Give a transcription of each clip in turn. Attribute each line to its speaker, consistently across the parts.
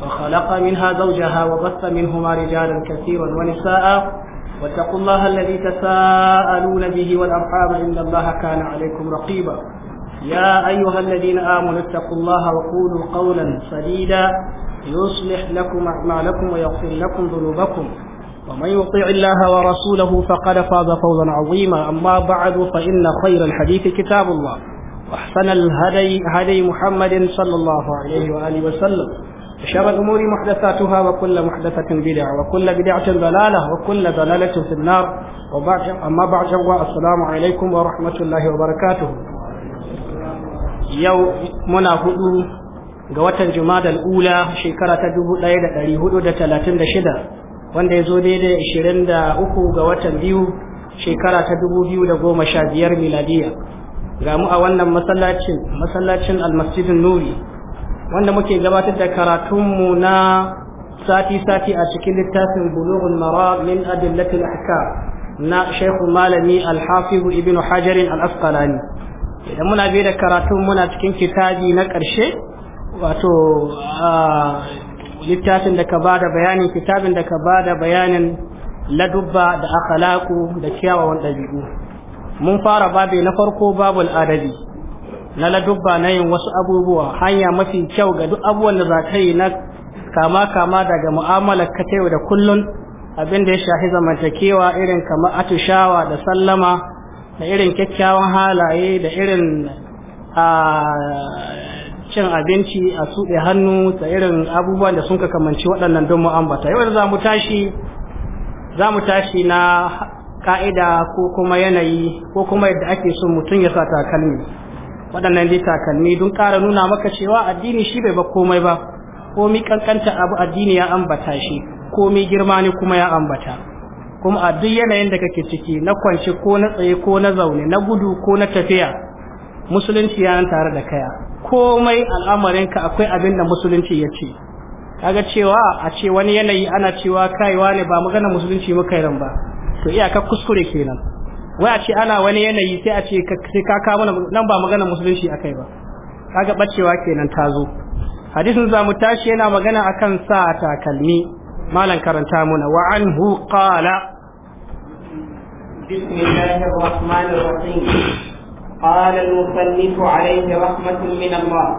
Speaker 1: وخلق منها زوجها وبث منهما رجالا كثيرا ونساء واتقوا الله الذي تساءلون به والأرحام إن الله كان عليكم رقيبا يا أيها الذين آمنوا اتقوا الله وقولوا قولا سديدا يصلح لكم أعمالكم ويغفر لكم ذنوبكم ومن يطيع الله ورسوله فقد فاز فوزا عظيما أما بعد فإن خير الحديث كتاب الله وأحسن الهدي هدي محمد صلى الله عليه وآله وسلم وشر الأمور محدثاتها وكل محدثة بدعة وكل بدعة ضلالة وكل ضلالة في النار وبعد أما بعد السلام عليكم ورحمة الله وبركاته يوم منا هدو قوة جماد الأولى شكرة دبو ليلة لي هدو دا تلاتين دا شدا وان دا يزو دي دا شرين دا أكو قوة بيو شكرة دبو بيو دا قوم شادير ميلادية قاموا أولا مسلاتين مسلاتين المسجد النوري wanda muke gabatar da karatunmu na sati-sati a cikin littafin bulughul maram min adillatil ahkam na shaihu malami alhafizu ibnu hajarin al-asqalani idan muna biye da karatun muna cikin kitabi na ƙarshe wato littafin da ka bada bayanin kitabin da ka bada bayanin ladubba da akhlaqu da kiyawawan dabi'u mun fara babu na farko babul adabi na ladubba na yin wasu abubuwa hanya mafi kyau ga duk abubuwan da za ka yi na kama kama daga mu'amalar ka ta yau da kullun abin da ya shafi zamantakewa irin kamar atishawa da sallama da irin kyakkyawan halaye da irin a cin abinci a suɗe hannu da irin abubuwan da sun ka kamanci waɗannan don mu'ambata yau za tashi za mu tashi na ka'ida ko kuma yanayi ko kuma yadda ake son mutum ya sa takalmi waɗannan dai takalmi don ƙara nuna maka cewa addini shi bai ba komai ba komi kankanta abu addini ya ambata shi komi girma ne kuma ya ambata kuma a duk yanayin da kake ciki na kwance ko na tsaye ko na zaune na gudu ko na tafiya musulunci ya nan tare da kaya komai al'amarinka akwai abin da musulunci ya ce kaga cewa a ce wani yanayi ana cewa kaiwa ne ba magana musulunci muka ba to iyaka kuskure kenan wai a ce ana wani yanayi sai a ce sai ka kawo mana nan ba magana musulunci akai ba kaga bacewa kenan ta zo hadisin za mu tashi yana magana akan sa takalmi malam karanta muna wa anhu qala
Speaker 2: bismillahir rahmanir rahim قال المصنف عليه رحمة من الله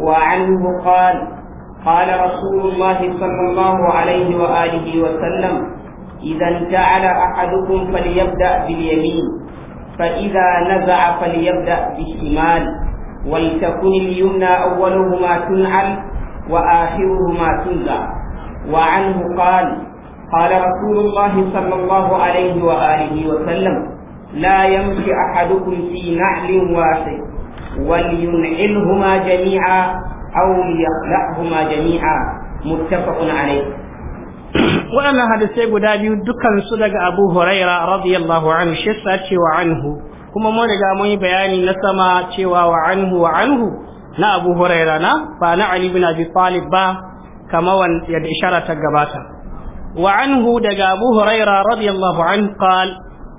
Speaker 2: وعنه قال قال رسول الله صلى الله عليه وآله وسلم إذا انتعل أحدكم فليبدأ باليمين فإذا نزع فليبدأ بالشمال ولتكن اليمنى أولهما تنعل وآخرهما تنزع وعنه قال قال رسول الله صلى الله عليه وآله وسلم لا يمشي أحدكم في نعل واحد ولينعلهما جميعا أو ليخلعهما جميعا متفق عليه
Speaker 1: waɗannan hadisai guda biyu dukansu daga abu huraira radiyallahu anhu shi sa cewa anhu kuma mun riga mun yi bayani na sama cewa wa anhu wa anhu na abu huraira na ba na ali bin abi talib ba kama wanda da ishara ta gabata wa anhu daga abu huraira radiyallahu anhu qal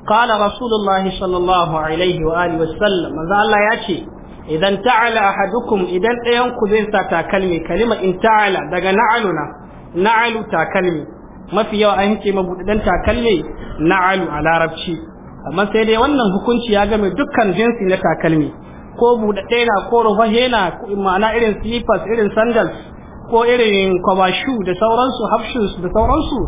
Speaker 1: qala rasulullahi sallallahu alaihi wa alihi wasallam manzo Allah ya ce idan ta'ala ahadukum idan ɗayan ku zai sa takalmi kalima in ta'ala daga na'aluna na'alu takalmi mafi yawa an ce mabuɗaɗɗen takalmi na'alu a larabci amma sai dai wannan hukunci ya game dukkan jinsi na takalmi ko buɗe na ko rufahe na ma'ana irin slippers irin sandals ko irin kwabashu da sauransu hafshus da sauransu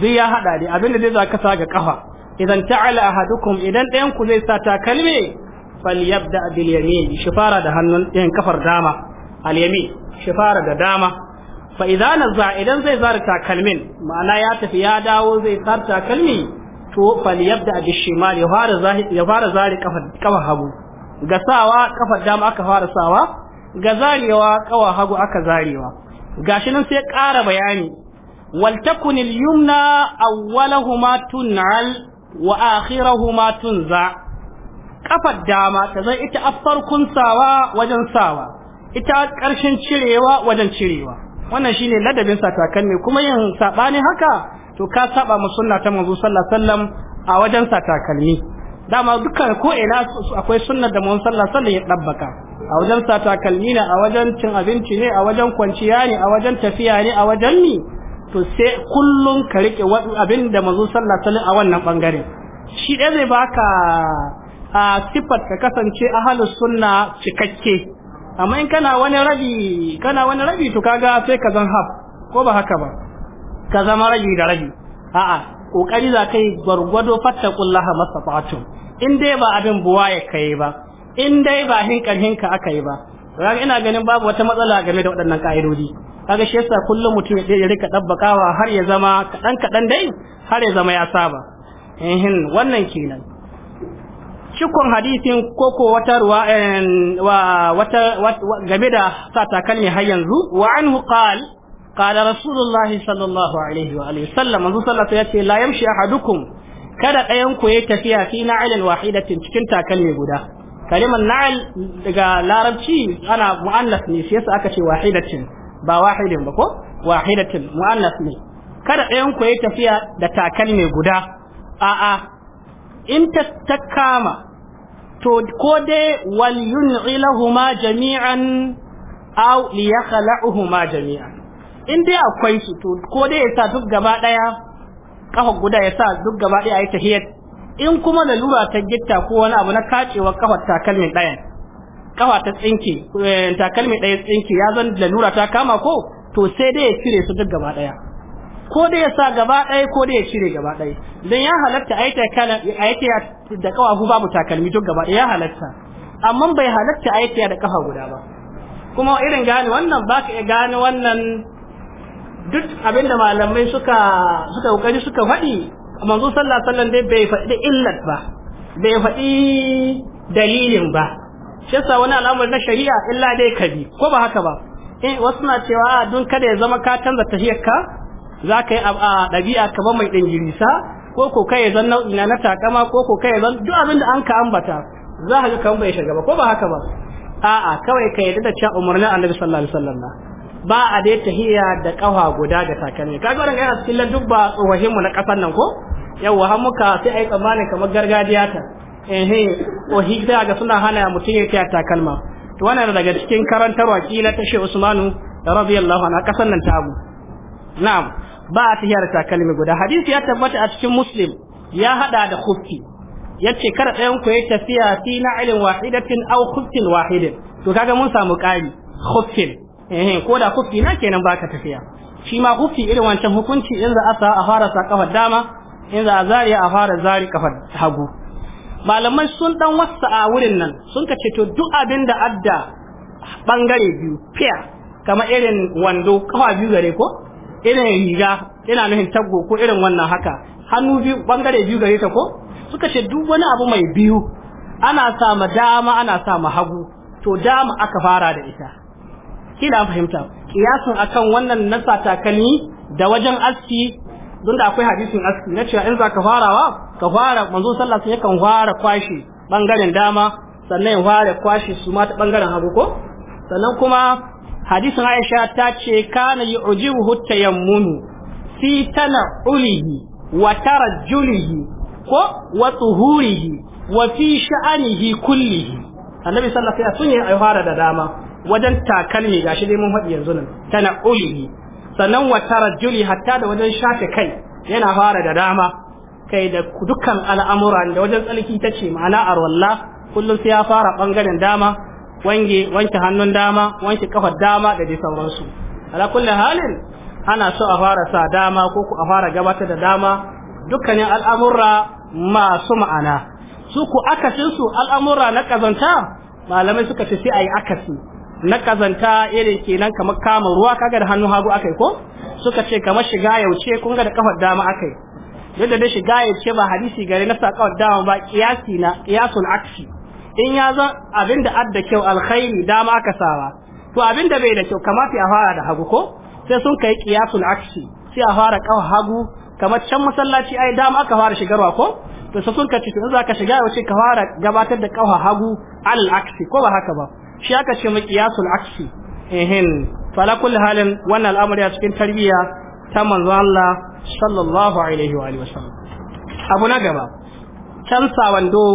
Speaker 1: zai ya haɗa dai abinda zai za ka sa ga kafa idan ta'ala ahadukum idan ɗayan ku zai sa takalmi falyabda bil yamin shi fara da hannun ɗayan kafar dama al yamin shi da dama fa idza nazza idan zai zara takalmin ma'ana ya tafi ya dawo zai sar takalmi to fal yabda bi shimal ya fara zari ya fara zari kafa kafa hagu ga sawa kafa dama aka fara sawa ga zarewa kawa hagu aka zarewa gashi nan sai ƙara bayani wal takun al yumna awwalahuma tun'al wa akhirahuma tunza kafar dama ta zai ita a farkon sawa wajen sawa ita ƙarshen cirewa wajen cirewa wannan shine ladabin sa ne kuma yin sabani haka to ka saba mu sunna ta manzo sallallahu alaihi wasallam a wajen sa dama dukkan ko ina akwai sunnar da manzo sallallahu alaihi wasallam ya dabbaka a wajen sa ne a wajen cin abinci ne a wajen kwanciya ne a wajen tafiya ne a wajen ni to sai kullum ka rike abin da manzo sallallahu alaihi wasallam a wannan bangare shi ɗaya zai baka a sifar ka kasance ahalus sunna cikakke amma in kana wani rabi kana wani rabi to kaga sai ka zan haf ko ba haka ba ka zama rabi da rabi a'a kokari za kai gwargwado kullaha mastata'tum in dai ba abin buwa ya kai ba in dai ba hinkar hinka aka yi ba kaga ina ganin babu wata matsala game da waɗannan ka'idodi kaga shi yasa kullum mutum ya rika dabbakawa har ya zama kaɗan kaɗan dai har ya zama ya saba ehin wannan kenan cikon hadisin koko wata ruwa eh, wata game da sa takalmi har yanzu wa anhu qal qala rasulullahi sallallahu alaihi wa alihi sallam manzo sallallahu alaihi yace la yamshi ahadukum kada ɗayan ku ya tafiya fi na'ilin wahidatin cikin takalmi guda kalimar na'il daga larabci ana mu'annas ne shi yasa aka ce wahidatin ba wahidin ba ko wahidatin mu'annas ne kada ɗayan ku ya tafiya da takalmi guda a'a in ta kama to ko dai wal yun'ilahuma jami'an aw liyakhla'uhuma jami'an in dai akwai su to ko dai ya duk gaba daya kafa guda yasa sa duk gaba daya ayi tahiyat in kuma lalura ta gitta ko wani abu na kacewa kafa takalmin daya kafa ta tsinki eh, takalmin ɗaya tsinki ya zan lalura ta kama ko to sai dai ya cire su duk gaba daya ko da ya sa gaba ɗaya ko da ya cire gaba ɗaya dan ya halatta a yake da kawafu babu takalmi duk gaba ya halatta amma bai halatta a da kafa guda ba kuma irin gane wannan ba ka gane wannan duk abinda malamai suka suka kokari suka faɗi manzo sallallahu alaihi wasallam bai faɗi illat ba bai faɗi dalilin ba shi yasa wani al'amari na shari'a illa dai kabi ko ba haka ba eh wasu na cewa don kada ya zama ka canza ka. za ka yi a ɗabi'a kamar mai ɗan girisa ko ko kai zan na na takama ko ko kai zan duk abin da an ka ambata za ka ga kan bai shiga ba ko ba haka ba a'a kawai ka yadda da cewa umarnin annabi sallallahu alaihi wasallam ba a dai tahiya da kafa guda da takalmi kaga wannan yana cikin ladubba tsohon mu na kasar nan ko yawa har muka sai ai tsammanin kamar gargajiya ta eh o sai ga suna hana mutum ya kiyaye takalma to wannan daga cikin karantarwa kila ta Sheikh Usmanu radiyallahu anhu kasan nan ta abu na'am ba a tafiya da takalmi guda hadisi ya tabbata a cikin muslim ya hada da ya yace kada ɗayan ku ya tafiya fi ilin wahidatin au kufkin wahidin to kaga mun samu kari kufkin eh ko da kufki na kenan baka tafiya shi ma kufki irin wancan hukunci in za a sa a fara sa kafar dama in za a zari a fara zari kafar hagu malaman sun dan wasa a wurin nan sun ka ce to duk abin da adda bangare biyu pair kama irin wando kafa biyu gare ko irin riga ina nuhin taggo ko irin wannan haka hannu biyu bangare biyu gare ta ko suka ce duk wani abu mai biyu ana sama dama ana sama hagu to dama aka fara da ita kila fahimta kiyasin akan wannan nasa takani da wajen aski don da akwai hadisin aski na cewa in za ka farawa ka fara manzo sallah sun yakan fara kwashi bangaren dama sannan ya fara kwashi su ma ta bangaren hagu ko sannan kuma hadisin Aisha ta ce kana yu'jibuhu tayammunu fi ulihi wa julihi ko wa tuhurihi wa fi sha'anihi kullihi annabi sallallahu alaihi sun yi fara da dama wajen takalmi gashi dai mun faɗi yanzu nan ulihi sannan wa juli hatta da wajen shafe kai yana fara da dama kai da dukkan al'amuran da wajen tsalki ta ce ma'ana arwallah kullum sai ya fara bangaren dama wange wanke hannun dama wanke kafar dama da dai sauransu ala kulli halin ana so a fara sa dama ko ku a fara gabatar da dama dukkanin al'amurra masu ma'ana su ku akasin su al'amurra na kazanta malamai suka ce sai ayi akasi na kazanta irin kenan kamar kama ruwa kaga da hannu hagu akai ko suka ce kamar shiga yauce kun ga da kafar dama akai yadda dai shiga yauce ba hadisi gare na sa kafar dama ba kiyasi na kiyasun aksi in ya zan abin da adda kyau alkhairi dama aka sawa to abin da bai da kyau kamata a fara da hagu ko sai sun kai qiyasul aksi sai a fara kawo hagu kamar can masallaci ai dama aka fara shigarwa ko to sai sun ka ci za ka shiga wace ka fara gabatar da kawo hagu al aksi ko ba haka ba shi aka ce mu qiyasul aksi ehin fala kulli halin wannan al'amari a cikin tarbiyya ta manzo Allah sallallahu alaihi wa alihi wasallam abu na gaba cansa wando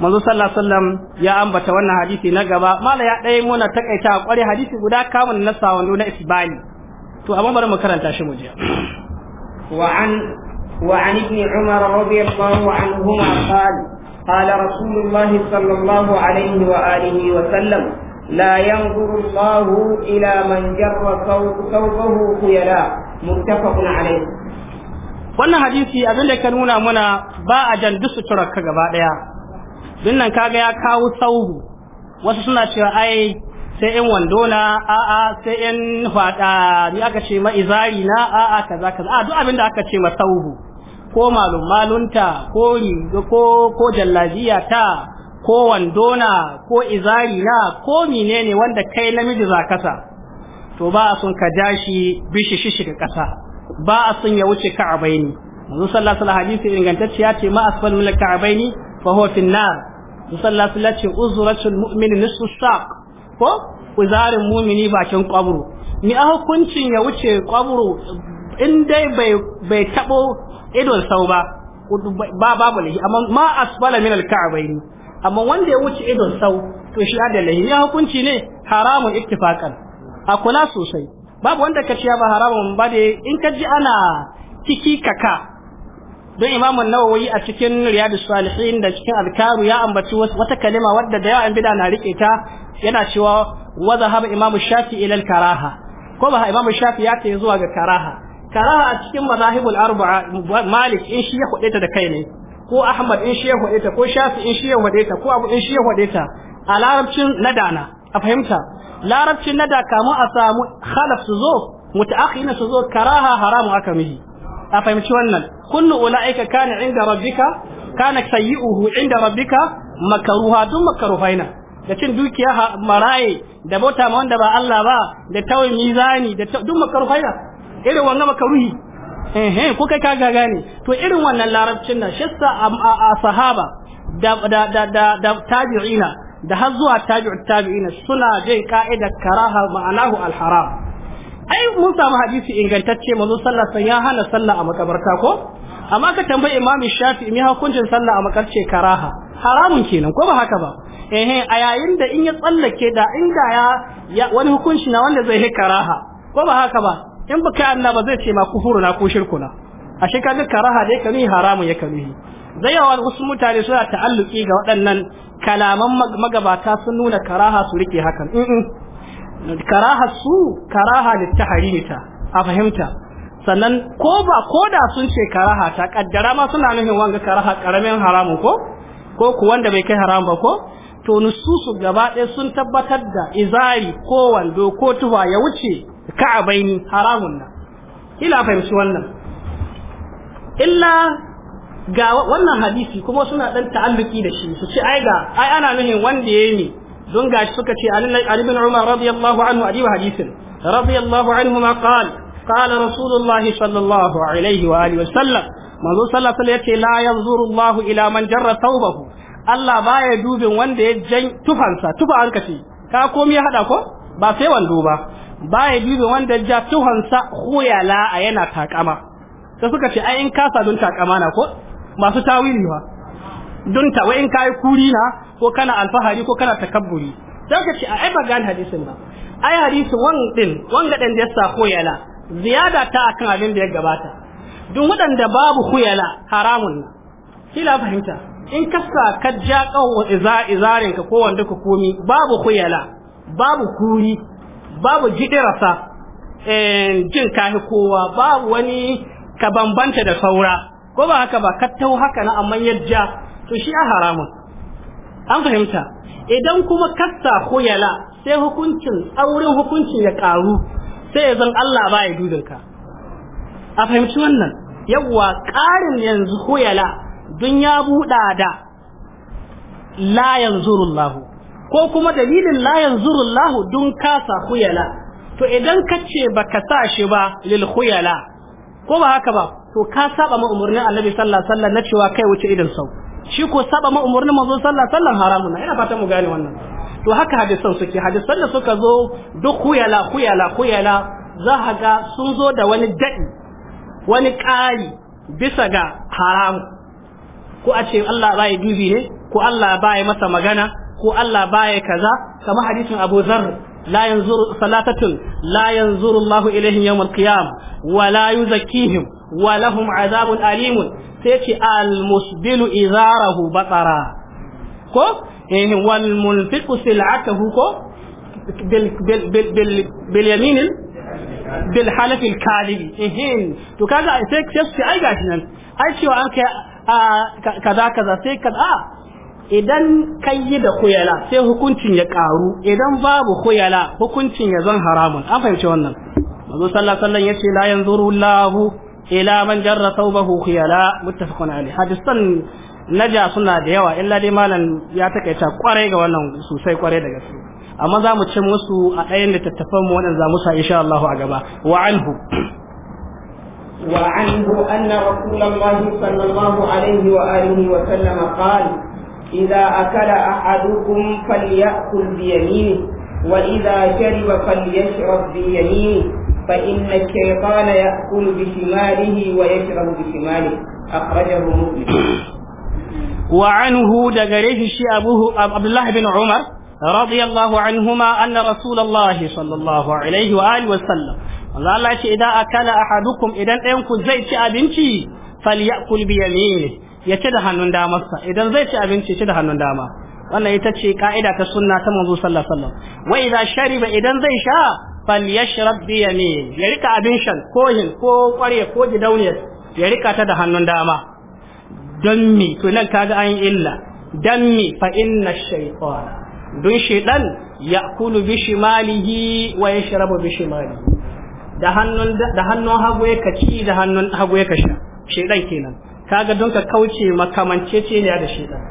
Speaker 1: manzo sallallahu alaihi wasallam ya ambata wannan hadisi na gaba mala ya dai muna takaita kware hadisi guda kamun na sawon na isbali to amma bari mu karanta shi mu je
Speaker 2: wa an wa an ibn umar radiyallahu anhuma qala qala rasulullah sallallahu alaihi wa alihi wa sallam لا ينظر الله إلى من جر ثوبه خيلا متفق عليه
Speaker 1: wannan hadisi abin da ka nuna muna ba a jan duk ka gaba daya dinnan kaga ya kawo sauhu wasu suna cewa ai sai in wando na a'a sai in fada ni aka ce ma izari na a'a kaza kaza a duk abin da aka ce ma sauhu ko malum malunta ko ko ko jallabiya ta ko wando na ko izari na ko menene wanda kai namiji zakasa to ba a sun ka jashi shi bishi kasa ba a sun ya wuce ka abaini manzo sallallahu alaihi wasallam hadisi ingantacciya ce ma asfal min al-ka'baini fa huwa fi an-nar manzo sallallahu alaihi wasallam ce uzratul mu'min nisfu saq ko uzarin mu'mini bakin qabru Ni a hukuncin ya wuce qabru in dai bai bai tabo idon sau ba ba babu lahi amma ma asfal min al-ka'baini amma wanda ya wuce idon sau to shi da lahi ya hukunci ne haramun ittifaqan a kula sosai babu wanda ka ciya ba haramun ba da in ka ji ana kiki kaka don imamu nawawi a cikin riyadu salihin da cikin azkaru ya ambaci wata kalima wadda da yawan bida na rike ta yana cewa wa haɓa imamu shafi ila karaha ko ba imamu shafi ya ce zuwa ga karaha karaha a cikin mazahibul arba'a malik in shi ya hude ta da kai ne ko ahmad in shi ya hude ta ko shafi in shi ya hude ta ko abu in shi ya hude ta a larabcin nadana a fahimta larabcin nada kamun a samu khalaf su zo na su zo karaha haramu aka mihi a fahimci wannan kullu ulaika kana inda rabbika kana sayyi'uhu inda rabbika makaruha dun makaruhaina da cin dukiya maraye da bauta ma wanda ba Allah ba da tawai mizani da dun makaruhaina irin wannan makaruhi eh eh ko kai ka gane to irin wannan larabcin nan shissa a sahaba da da da da tabi'ina da har zuwa tabi'ut tabi'ina suna jin ka'idar karaha ma'anahu al ai mun samu hadisi ingantacce manzo sallallahu alaihi wasallam ya hana sallah a makabarta ko amma ka tambayi imamu shafi mi hukuncin sallah a makarce karaha haramun kenan ko ba haka ba eh a yayin da in ya tsallake da inda ya wani hukunci na wanda zai yi karaha ko ba haka ba in baka Allah ba zai ce ma kufuru na ko shirku na ashe ka duk karaha dai kanu haramun ya kanu zai yawa wasu mutane suna ta'alluki ga waɗannan kalaman magabata sun nuna karaha su rike hakan karaha su karaha littaharita a fahimta sannan ko ba ko da sun ce karaha ta kaddara ma suna nufin wanga karaha karamin haramu ko ko ku wanda bai kai haram ba ko to nususu gaba ɗaya sun tabbatar da izari ko wando ko tufa ya wuce ka'abaini haramun nan ila fahimci wannan illa ga wannan hadisi kuma suna dan ta'alluki da shi su ce ai ga ai ana nuhin wanda yayi ne don gashi suka ce Ali ibn Umar radiyallahu anhu a hadisin radiyallahu anhu ma qala قال رسول الله صلى ila man Allah baya dubin wanda wando ba baya dubin ya ja tufansa khuyala na ko kuri na ko kana alfahari ko kana takabburi sai ka ce ai ba gane hadisin ba ai hadisi ziyada ta akan abin da ya gabata duk waɗanda babu khuyala haramun na kila fahimta in kasa ka ja kawo izarin ka ko wanda ka komi babu khuyala babu kuri babu jidirasa eh, jin kahi kowa babu wani ka bambanta da saura ko ba haka ba kattau haka na amma yajja to shi a haramun an fahimta idan kuma kasa khuyala sai hukuncin auren hukuncin ya ƙaru. sai ya zan Allah ba ya dudin a fahimci wannan yawwa ƙarin yanzu huyala dun ya buɗa da la yanzurullahu ko kuma dalilin la yanzurullahu dun kasa huyala to idan ka ce ba ka sa shi ba lil huyala ko ba haka ba to ka saba ma umarnin Annabi sallallahu alaihi wasallam na cewa kai wuce idan sau shi ko saba ma umarnin manzo sallallahu alaihi wasallam haramun ina fatan mu gane wannan to haka hadisan suke hadisan da suka zo duk huyala huyala huyala za ka ga sun zo da wani daɗi wani ƙari bisa ga haram ko a ce Allah ba ya dubi ne ko Allah ba ya masa magana ko Allah ba ya kaza kamar hadisin Abu Zar لا ينظر صلاتة لا qiyam wa la yuzakkihim wa lahum يزكيهم alim sai ce al-musbilu izarahu batara ko eh wal munfiqu sil'atahu ko bil bil bil bil yamin bil halaf al kalib eh to kaga sai sai ai gashi nan ai cewa an
Speaker 3: kai
Speaker 1: kaza kaza sai kaza idan kai yi da kuyala sai hukuncin ya karu idan babu kuyala hukuncin ya zan haramun an fahimci wannan manzo sallallahu alaihi wasallam yace la yanzuru Allahu ila man jarra thawbahu khuyala muttafaqun alaihi hadisan naja suna da yawa illa dai malam ya takaita kwarai ga wannan sosai kwarai da gaske amma za mu ci musu a ɗayan da tattafan mu waɗanda za mu sa insha Allah a gaba wa anhu
Speaker 2: wa anhu anna rasulullahi sallallahu alaihi wa alihi wa sallam qala idza akala ahadukum falyakul bi yaminihi fa inna shaytana بيمينه bi shimalihi wa yashrabu bi shimalihi أخرجه muslim
Speaker 1: وعنه دغريه شي أبوه عبد الله بن عمر رضي الله عنهما أن رسول الله صلى الله عليه وآله وسلم الله الله إذا أكل أحدكم إذا أنكم زي أبنتي فليأكل بيمينه ya ci da hannun damarsa idan zai ci abinci ci da hannun dama wannan ita ce ka'ida ta sunna ta manzo sallallahu alaihi wasallam wa idza shariba idan zai sha falyashrab bi yamin ya rika abin shan ko hin ko kware ko gidauniyar ya rika ta da hannun dama don mi to nan kaga an illa don mi fa inna shaytan don shaytan ya'kulu bi shimalihi wa yashrabu bi shimalihi da hannun da hannun hagu ya ci da hannun hagu ya kashi shaytan kenan kaga don ka kauce makamancece ne da shaytan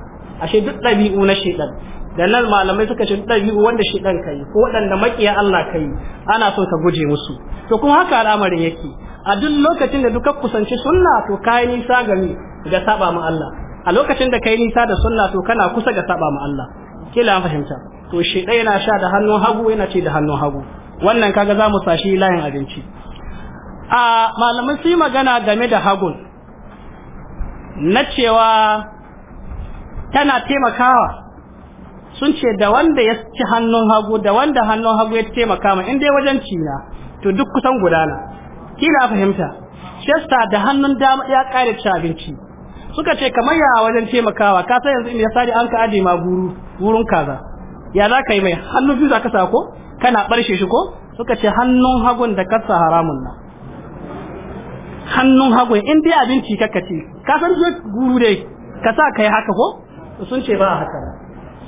Speaker 1: ashe duk dabi'u na shaytan da nan malamai suka ce ɗabi'u wanda shaytan kai ko waɗanda makiya Allah kai ana so ka guje musu to kuma haka al'amarin yake a duk lokacin da duka kusanci sunna to kai nisa ga ni ga saba ma Allah a lokacin da kai nisa da sunna to kana kusa ga saba ma Allah kila fahimta to shi ɗaya yana sha da hannun hagu yana ce da hannun hagu wannan kaga za mu sashi layin abinci a malamin su magana game da hagun na cewa tana taimakawa sun ce da wanda ya ci hannun hagu da wanda hannun hagu ya taimaka ma in dai wajen cina to duk kusan gudana kila fahimta shesta da hannun dama ya kare ci abinci suka ce kamar ya wajen taimakawa ka san yanzu in ya sadi an ka aje ma guru wurin kaza ya za ka yi mai hannu biyu za ka sa ko kana barshe shi ko suka ce hannun hagun da kasa haramun nan hannun hagun in dai abinci kaka ce ka san guru dai ka sa kai haka ko sun ce ba haka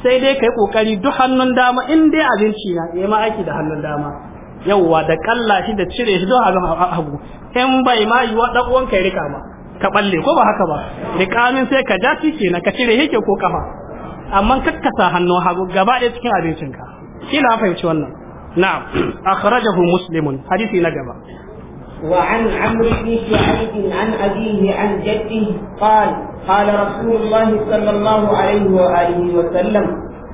Speaker 1: sai dai kai kokari duk hannun dama in dai abinci na yayi ma aiki da hannun dama yawwa da kalla shi da cire shi don abin hagu in bai ma yiwa dan uwan kai rika ma ka balle ko ba haka ba rikamin sai ka ja shi kenan ka cire yake ko kafa amma kakkasa hannu hagu gaba ɗaya cikin abincin ka na fahimci wannan na'am akhrajahu muslimun hadisi na gaba
Speaker 2: وعن عمرو بن شعيب عن أبيه عن جده قال قال رسول الله صلى الله عليه وآله وسلم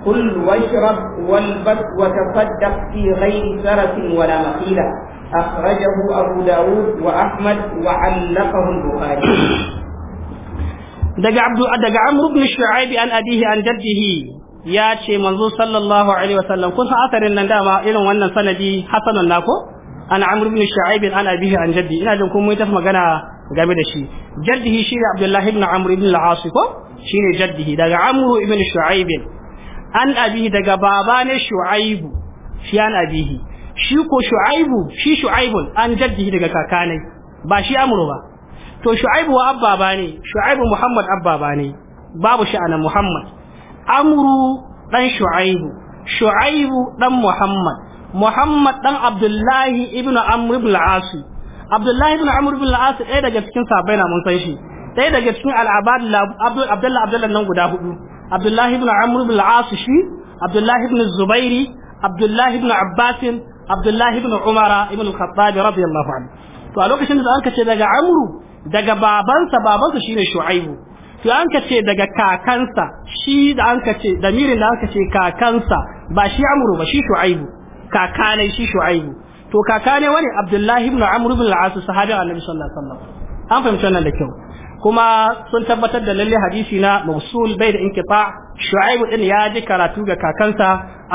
Speaker 2: كل واشرب والبس وتصدق في غير سرف ولا مخيلة أخرجه أبو داود وأحمد وعلقه البخاري
Speaker 1: daga abdu daga amr ibn shu'aib an abihi an jaddihi ya ce manzo sallallahu alaihi wasallam kun san nan dama irin wannan sanadi hasanun nako an amr ibn an abihi an jaddi ina jin kun mun magana game da shi jaddihi shine abdullahi ibn amr ibn al-as ko shine jaddihi daga amr ibn an abihi daga baba ne shu'aibu shi an abihi shi ko shu'aibu shi shu'aibun an jaddihi daga kakanai ba shi amuru ba to shu'aibu wa abba ne shu'aibu muhammad abba ne babu shi anan muhammad amuru dan shu'aibu shu'aibu dan muhammad muhammad dan abdullahi ibnu amr ibn al-as abdullahi ibn amr ibn al-as ɗaya daga cikin sahabbai na mun san shi ɗaya daga cikin al-abad Abdullahi Abdullahi nan guda hudu abdullahi ibn amr ibn al-as shi abdullahi ibn zubairi abdullahi ibn abbas abdullahi ibn umar ibn al-khattab radiyallahu to a lokacin da an kace daga amru daga babansa babansa shine shu'aibu to an kace daga kakansa shi da an kace damirin da an kace kakansa ba shi amru ba shi shu'aibu kakanai shi shu'aibu to kakanai wani abdullahi ibn amr bin al-as sahabi annabi sallallahu alaihi wasallam an fahimci wannan da kyau kuma sun tabbatar da lalle hadisi na mausul bai da inkifa shu'aib din ya ji karatu ga kakansa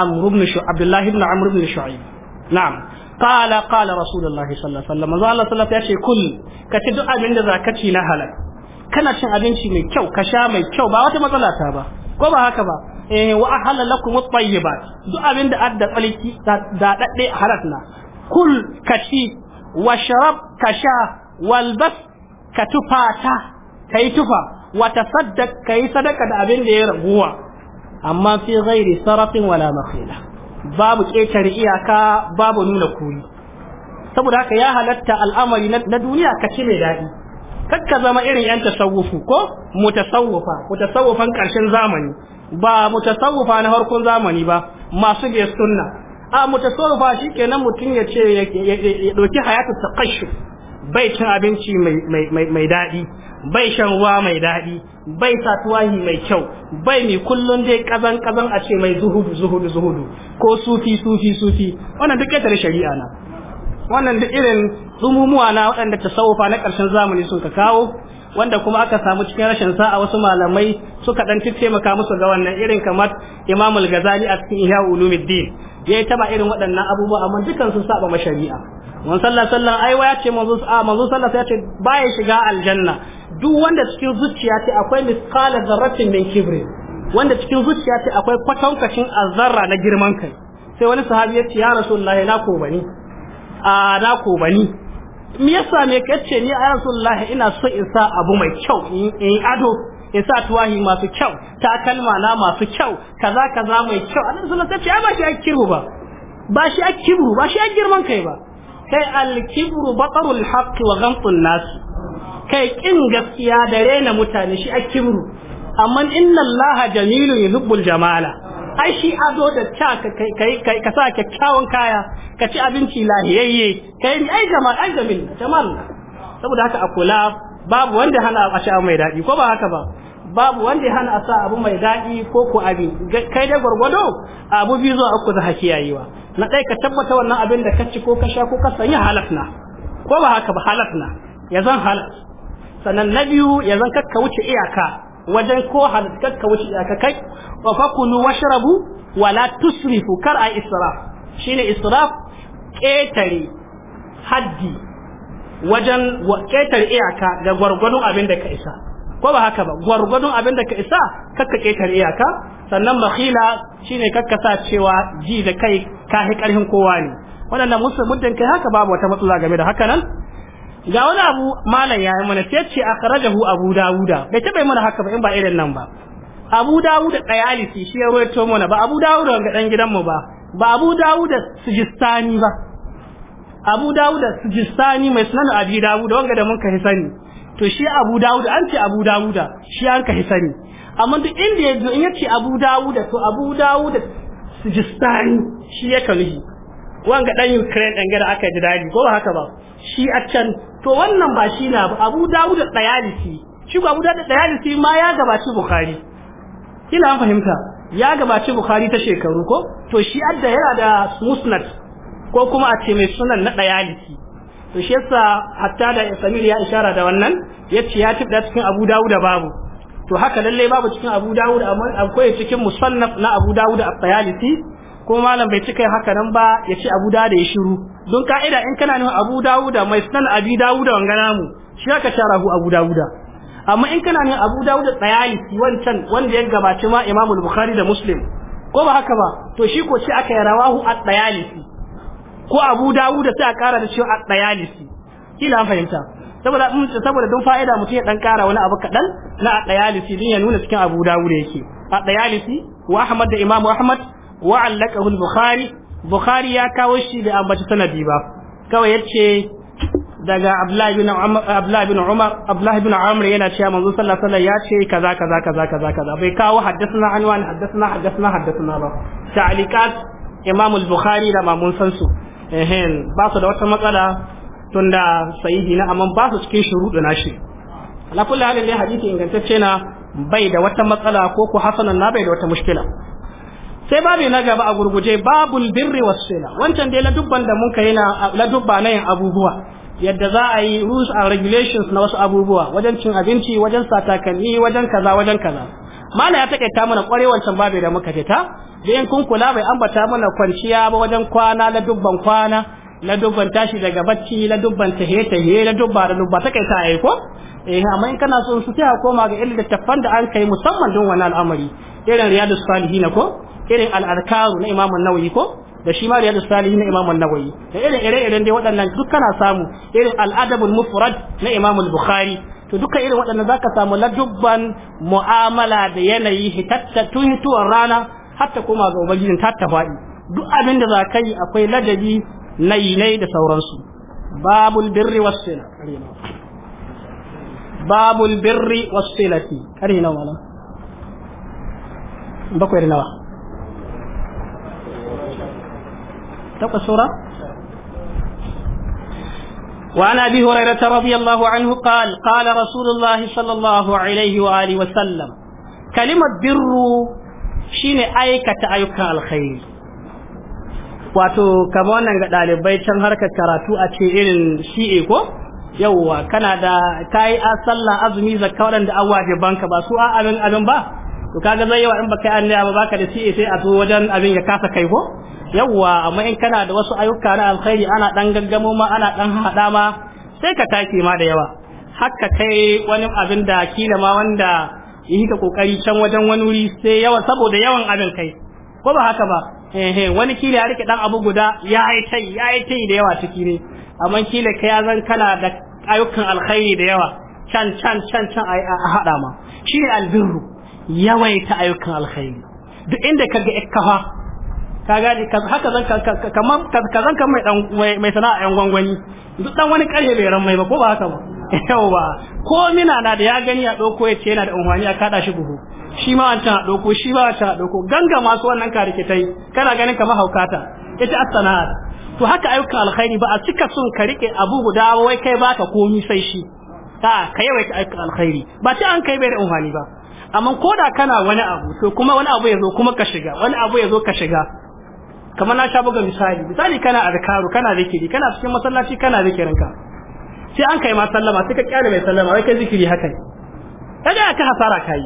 Speaker 1: amr ibn shu abdullah ibn amr ibn shu'aib na'am qala qala rasulullahi sallallahu alaihi wasallam manzo Allah sallallahu alaihi wasallam ya ce kul ka ci duk abin da zakaci na halal kana cin abinci mai kyau ka sha mai kyau ba wata matsala ta ba ko ba haka ba eh wa ahalla lakum at-tayyibat duk abin da adda tsalki da dadde halatna kul kashi wa sharab kasha walbas ka tufata kai tufa wa tasaddaq kai sadaka da abin da ya raguwa amma fi ghairi sarafin wala makhila babu ƙetare iyaka babu nuna kuri saboda haka ya halatta al'amari na duniya ka ci mai daɗi kakka zama irin yan tasawufu ko mutasawufa mutasawufan ƙarshen zamani ba mutasawufa na farkon zamani ba masu bai sunna a mutasawufa shikenan mutum ya ce ya ɗauki hayatu taqashshuf bai cin abinci mai daɗi bai shan ruwa mai daɗi bai satuwahi mai kyau bai mai kullum dai kazan kazan a ce mai zuhudu zuhudu zuhudu ko sufi sufi sufi wannan duk ƙetare shari'a na wannan duk irin tsumumuwa na waɗanda tasawufa na ƙarshen zamani sun ka kawo wanda kuma aka samu cikin rashin sa'a wasu malamai suka dan taimaka musu ga wannan irin kamar imamul Al-Ghazali a cikin Ihya Ulumuddin yi taba irin waɗannan abubuwa amma dukansu sun saba mashari'a mun sallah sallan ai waya ce manzo a manzo sallah ya ce baya shiga aljanna duk wanda cikin zuciya ce akwai misqala zarratin min kibri wanda cikin zuciya ce akwai kwatankacin azzarra na girman kai sai wani sahabi ya ce ya rasulullahi na ko bani a na ko bani me yasa me kace ni ya rasulullahi ina so in sa abu mai kyau in ado in sa tuwahi masu kyau takalma na masu kyau kaza kaza mai kyau annabi sallallahu alaihi wasallam ya ba shi akiru ba ba shi akiru ba shi girman kai ba kai alkibru batarul haqqi wa ghamtun nas kai kin gaskiya da rena mutane shi akibru amma inna allaha jamilun yuhibbul jamala ai shi ado da ta kai ka sa kyakkyawan kaya ka ci abinci lahiyayye kai ni ai jamal ai jamil jamal saboda haka a kula babu wanda hana a sha mai daɗi ko ba haka ba babu wanda ya hana a sa abu mai daɗi ko ko abi kai dai gwargwado abu biyu zuwa uku za ka kiyayewa na ɗaya ka tabbata wannan abin da ka ci ko ka sha ko ka sanya halafna ko ba haka ba halafna ya zan halaf sannan na biyu ya zan kakka wuce iyaka wajen ko halaf kakka wuce iyaka kai wa fakulu washrabu wala tusrifu kar a israf shine israf ƙetare haddi wajen ƙetare iyaka ga gwargwadon abin da ka isa ko ba haka ba gwargwadon abin da ka isa kakka ƙetare iyaka sannan makhila shine kakka sa cewa ji da kai ka hi karhin kowa ne wannan musu muddin kai haka babu wata matsala game da haka nan ga wani abu malam yayin mana sai ce akhrajahu abu dawuda bai taɓa mana haka ba in ba irin nan ba abu dawuda dayalisi shi ya rawaito mana ba abu dawuda ga dan gidanmu ba ba abu dawuda sujistani ba abu dawuda sujistani mai sunan abi dawuda wanga da mun ka sani to shi abu Dawuda. an ce abu dawuda shi an ka hisani amma duk inda ya zo in yace abu dawuda to abu dawuda sijistani shi ya kalli wanga dan ukraine dan gada aka ji dadi ko ba haka ba shi a can to wannan ba shi na abu dawuda dayalisi shi ba abu dawuda shi ma ya gabaci bukhari kila an fahimta ya gabaci bukhari ta shekaru ko to shi adda yana da musnad ko kuma a ce mai sunan na dayalisi to shi yasa hatta da Samir ya ishara da wannan yace ya tabda cikin Abu Dawud babu to haka lalle babu cikin Abu Dawud amma akwai cikin musannaf na Abu Dawud at-Tayalisi ko malam bai cika haka nan ba yace Abu Dawud ya shiru don ka'ida in kana nufin Abu Dawud mai sanan Abi Dawud wanga mu shi aka sharahu Abu Dawud amma in kana nufin Abu Dawud at-Tayalisi wancan wanda ya gabaci ma Imam Bukhari da Muslim ko ba haka ba to shi ko shi aka yi rawahu at-Tayalisi ko abu dawud sai a kara da shi a dayalisi kila an fahimta saboda saboda don fa'ida mutum ya dan kara wani abu kadan na a dayalisi din ya nuna cikin abu dawud yake a dayalisi wa ahmad da imam ahmad wa allakahu al-bukhari bukhari ya kawo shi da ambaci sanadi ba kawai yace daga abdullahi bin umar abdullahi bin umar abdullahi bin amr yana cewa manzo sallallahu alaihi wasallam ya ce kaza kaza kaza kaza kaza bai kawo haddathana anwan haddathana haddathana haddathana ba ta'liqat imam al-bukhari da ma mun san su ehen ba su da wata matsala da sayidi na amma ba su cikin shuruɗu na shi alakulla halin dai hadisi ingantacce na bai da wata matsala ko ku hasanan na bai da wata mushkila sai babu na gaba a gurguje babu birri wasu sila wancan dai la da mun kai na na yin abubuwa yadda za a yi rules and regulations na wasu abubuwa wajen cin abinci wajen satakanni wajen kaza wajen kaza mala ya takaita mana kwarewancan babu da muka fita da in kun kula bai ambata mana kwanciya ba wajen kwana na dubban kwana na dubban tashi daga bacci na dubban tahe tahe la dubba da dubba takaita ai ko eh amma in kana son su ta koma ga ilmi da taffan da an kai musamman don wani al'amari irin riyadus salihin ko irin al-arkaru na imamu nawawi ko da shi ma riyadus salihin na imamu nawawi da irin ire-iren dai waɗannan duk kana samu irin al-adabul mufrad na imamu bukhari to duka irin waɗannan ka samu dubban mu'amala da yanayi hitatta tun hituwar rana hatta koma ga ubangijin ta faɗi duk abin da za ka yi akwai ladabi na yinai da sauransu babul birri wassila babul birri wassilati kare nawa malam bakwai nawa takwas sura وعن أبي هريرة رضي الله عنه قال قال رسول الله صلى الله عليه وآله وسلم كلمة بر شين أيكة أيك الخير wato kama wannan ga ɗalibai can harkar karatu a ce irin shi'e ko yauwa kana da kayi a sallah azumi zakka waɗanda an waje banka ba su a abin abin ba to kaga zai yawa in baka yi annaya ba baka da ci sai a zo wajen abin ya kasa kai ko yawa amma in kana da wasu ayyuka na alkhairi ana dan gaggamo ma ana dan hada ma sai ka take ma da yawa Hakka kai wani abin da kila ma wanda yi ka kokari can wajen wani wuri sai yawa saboda yawan abin kai ko ba haka ba eh wani kila ya rike dan abu guda ya yi tai ya yi tai da yawa ciki ne amma kila kai ya zan kana da ayyukan alkhairi da yawa can can can can a hada ma shi ne albirru yawaita ayyukan alkhairi duk inda ka ga ikkafa ka gane haka zan kamar ka zan kan mai mai sana'a yan gwangwani duk dan wani karhe bai ran mai ba ko ba haka ba yawa ko mina na da ya gani a doko ya ce yana da umfani a kada shi buhu shi ma wancan a doko shi ma wancan a doko ganga masu wannan karikitai kana ganin kamar haukata ita as-sana'a to haka ayyukan alkhairi ba a cika sun ka rike abu guda wai kai baka komi sai shi ta ka yawaita ayyukan alkhairi ba ta an kai bai da umfani ba amma ko da kana wani abu to kuma wani abu ya zo kuma ka shiga wani abu ya zo ka shiga kamar na sha buga misali misali kana azkaru kana zikiri kana cikin masallaci kana zikirinka sai an kai ma sallama sai ka kyale mai sallama wai kai zikiri haka ne kaga ka hasara kai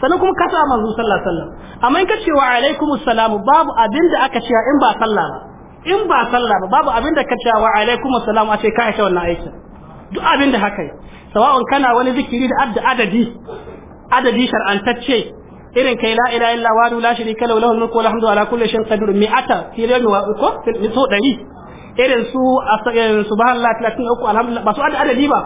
Speaker 1: sannan kuma ka sa manzo sallallahu alaihi wasallam amma in ka ce wa alaikumus salam babu abin da aka ce in ba sallah ba in ba sallah ba babu abin da ka ce wa alaikumus salam a ce ka aisha wannan aisha duk abin da haka yi sawa'un kana wani zikiri da adadi adadi shar'antacce irin kai la ilaha illa wa la sharika lahu lahul mulku wa hamdu ala kulli shay'in qadir mi'ata fi yawmi wa ko so dari irin su subhanallah 33 alhamdulillah ba su adadi ba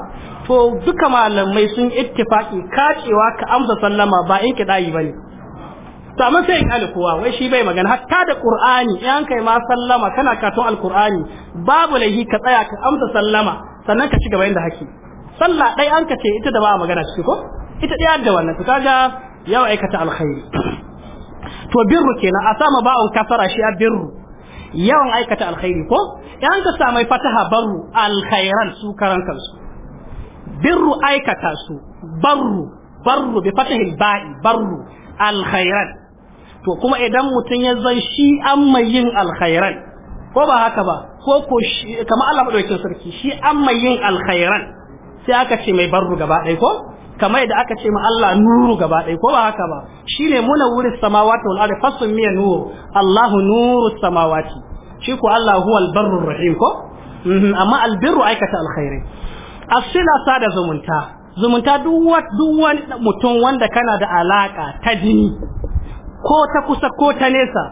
Speaker 1: to duka malamai sun ittifaki kacewa ka amsa sallama ba in kidai bane to amma sai in alkuwa wai shi bai magana hatta da qur'ani in kai ma sallama kana katon alqur'ani babu lahi ka tsaya ka amsa sallama sannan ka ci gaba inda hake. sallah dai an kace ita da ba magana ciki ko ita dai da wannan to kaga yawa aikata alkhairi to birru kenan a sama ba'un kasara shi a birru yawan aikata alkhairi ko an ka samai fataha barru alkhairan su karan kansu birru aikata su barru barru bi fatahi ba'i barru alkhairan to kuma idan mutum ya zan shi an mai yin alkhairan ko ba haka ba ko ko kamar Allah madaukakin sarki shi an mai yin alkhairan sai aka ce mai barru gaba ɗaya ko kamar yadda aka ce ma Allah nuru gaba ɗaya ko ba haka ba shine wurin samawati wal ardi fasun miya nuru Allahu nuru samawati shi ko Allah huwal barru rahim ko mhm, amma albirru aikata alkhairi asila sada zumunta zumunta duk wani mutum wanda kana da alaƙa ta jini ko ta kusa ko ta nesa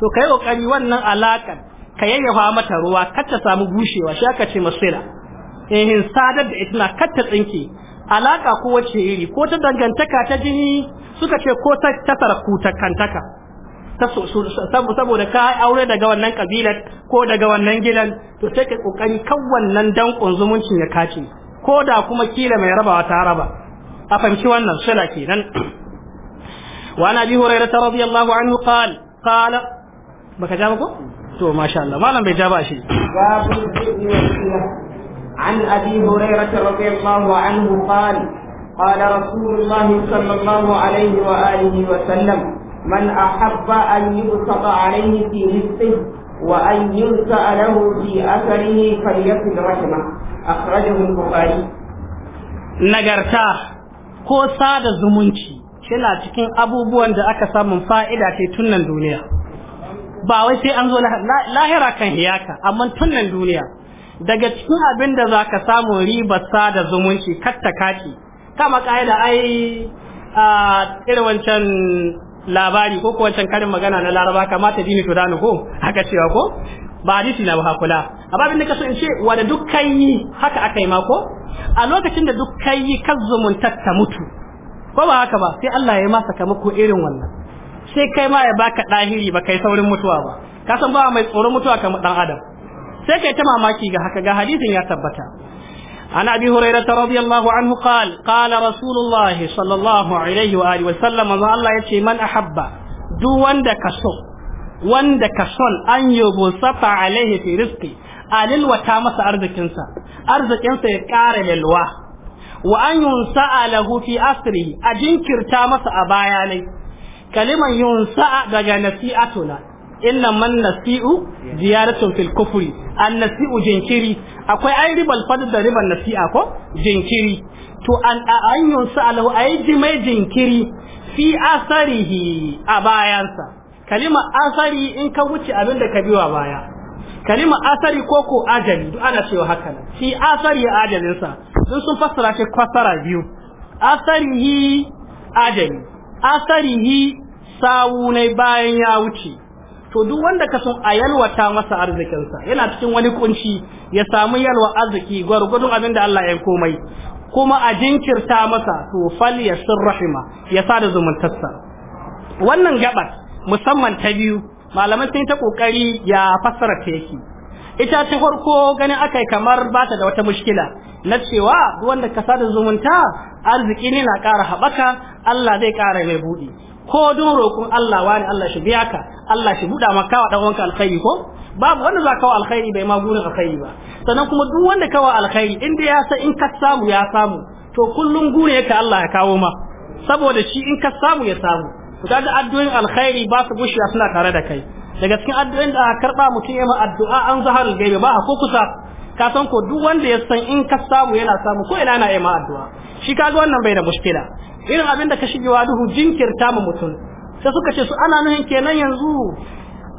Speaker 1: to kai kokari wannan alakan ka yayyafa mata ruwa kar ta samu bushewa shi aka ce masila ehin sadar da ita na katta tsinki alaka ko wace iri ko ta dangantaka ta jini suka ce ko ta so saboda ka aure daga wannan kabilar ko daga wannan gidan to sai ka kokari kan wannan dankon zumuncin ya kace ko da kuma kila mai rabawa ta raba a fahimci wannan shala kenan wa ana bi hurairah radiyallahu anhu qal qala baka ja ko to masha Allah malam bai jaba shi
Speaker 2: babu عن أبي هريرة رضي الله عنه قال قال رسول الله صلى الله عليه وآله وسلم من أحب أن يبسط عليه في رزقه وأن يلسأ له في أثره فليصل رحمه أخرجه البخاري
Speaker 1: نجرتا ko sada zumunci yana cikin abubuwan da aka samun fa'ida ce tun nan duniya ba wai sai an zo lahira kan hiyaka amma tun nan duniya daga cikin abin da za ka samu ribarsa da zumunci katta kaki kama ƙa'ida ai a irin wancan labari ko wancan karin magana na laraba kamata dini to dani ko haka cewa ko ba hadisi na ba kula amma abin da so in ce wa da dukkan yi haka aka yi mako a lokacin da dukkan yi kan zumuntatta ta mutu ko ba haka ba sai Allah ya masa ko irin wannan sai kai ma ya baka dahiri ba kai saurin mutuwa ba ka san ba mai tsoron mutuwa kamar dan adam sai kai ta mamaki ga haka ga hadisin ya tabbata an abi huraira ta radiyallahu anhu qal qala rasulullah sallallahu alaihi wa alihi wa sallam ma Allah yace man ahabba du wanda kaso wanda kason an yobo safa alaihi fi rizqi alil wa ta masa arzikinsa arzikinsa ya kare lalwa wa an yunsa alahu fi asri a jinkirta masa a bayanai ne kaliman yunsa daga nasi'atuna inna man nasi'u ziyaratun fil kufri an nasi'u jinkiri akwai ai ribal fadl da ribal nasi'a ko jinkiri to an ayyun yunsa alahu ai mai jinkiri fi asarihi a bayansa kalima asari in ka wuce abin da ka biwa baya kalima asari ko ko ajali duk ana cewa haka nan fi asari ajalinsa sun sun fassara shi kwasara biyu asarihi ajali asarihi sawu ne bayan ya wuce to duk wanda ka son a yalwata masa arzikinsa yana cikin wani kunci ya samu yalwa arziki gwargwadon abin da Allah ya komai kuma a jinkirta masa to fal ya rahima ya sada zumuntarsa wannan gaɓar musamman ta biyu malaman sun ta kokari ya fassara ta yake ita ta farko ganin akai kamar ba ta da wata mushkila na cewa duk wanda ka sada zumunta arziki ne na ƙara haɓaka Allah zai ƙara mai buɗi ko don roƙon Allah wani Allah shi biya ka Allah shi buɗa maka wa ɗan'uwanka alkhairi ko babu wanda za kawo alkhairi bai ma gurin alkhairi ba sannan kuma duk wanda kawo alkhairi in dai ya san in ka samu ya samu to kullum gure yake Allah ya kawo ma saboda shi in ka samu ya samu to kaga addu'in alkhairi ba su a suna tare da kai daga cikin addu'in da karba mutum ya ma addu'a an zahar gaibe ba ko kusa ka san ko duk wanda ya san in ka samu yana samu ko ina na yi ma addu'a shi kaga wannan bai da mushkila irin abin da ka shigewa duhu jinkirta ma mutum sai suka ce su ana nuhin kenan yanzu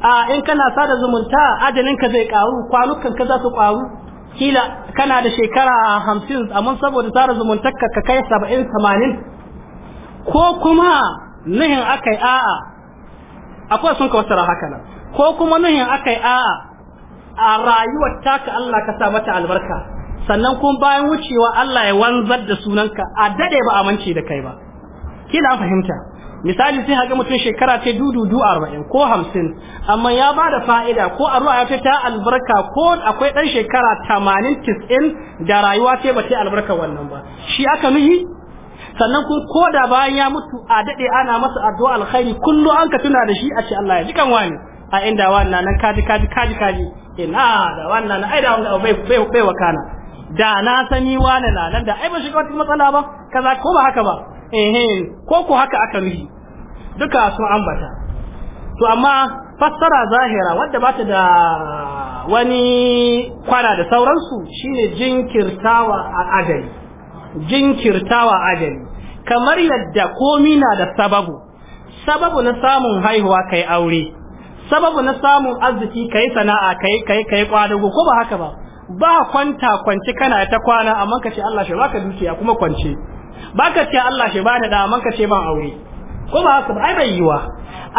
Speaker 1: a in kana sada zumunta ajalin ka zai karu kwanukan ka za su karu kila kana da shekara hamsin amma saboda sada zumuntarka ka kai saba'in tamanin ko kuma nuhin akai a'a akwai sun ka wasara haka nan ko kuma nuhin akai a'a a rayuwar taka Allah ka sa mata albarka sannan kuma bayan wucewa Allah ya wanzar da sunanka a dade ba amince da kai ba kila fahimta misali sai haga mutum shekara ta dudu arba'in ko hamsin amma ya ba da fa'ida ko a ruwa ya ta albarka ko akwai ɗan shekara tamanin tis'in da rayuwa ce ba ta albarka wannan ba shi aka nuhi sannan kun ko da bayan ya mutu a daɗe ana masa addu'a alkhairi kullum an ka tuna da shi a ce Allah ya ji kan wani a inda wannan nan kaji kaji kaji kaji ina da wannan ai da wanda bai bai bai wakana da na sani wani na nan da ai ba shiga wata matsala ba kaza ko ba haka ba eh ko ko haka aka nuhi duka sun ambata to amma fassara zahira wadda ta da wani kwana da sauransu shine jinkirtawa a ajali jinkirtawa ajali kamar yadda komi na da sababu sababu na samun haihuwa kai aure sababu na samun arziki kai sana'a kai kai kai kwadago ko ba haka ba ba kwanta kwanci kana ta kwana amma ka ce Allah shi baka dukiya kuma kwance baka ce Allah shi bani da amma ka ce ban aure ko ba haka ba ai bai yiwa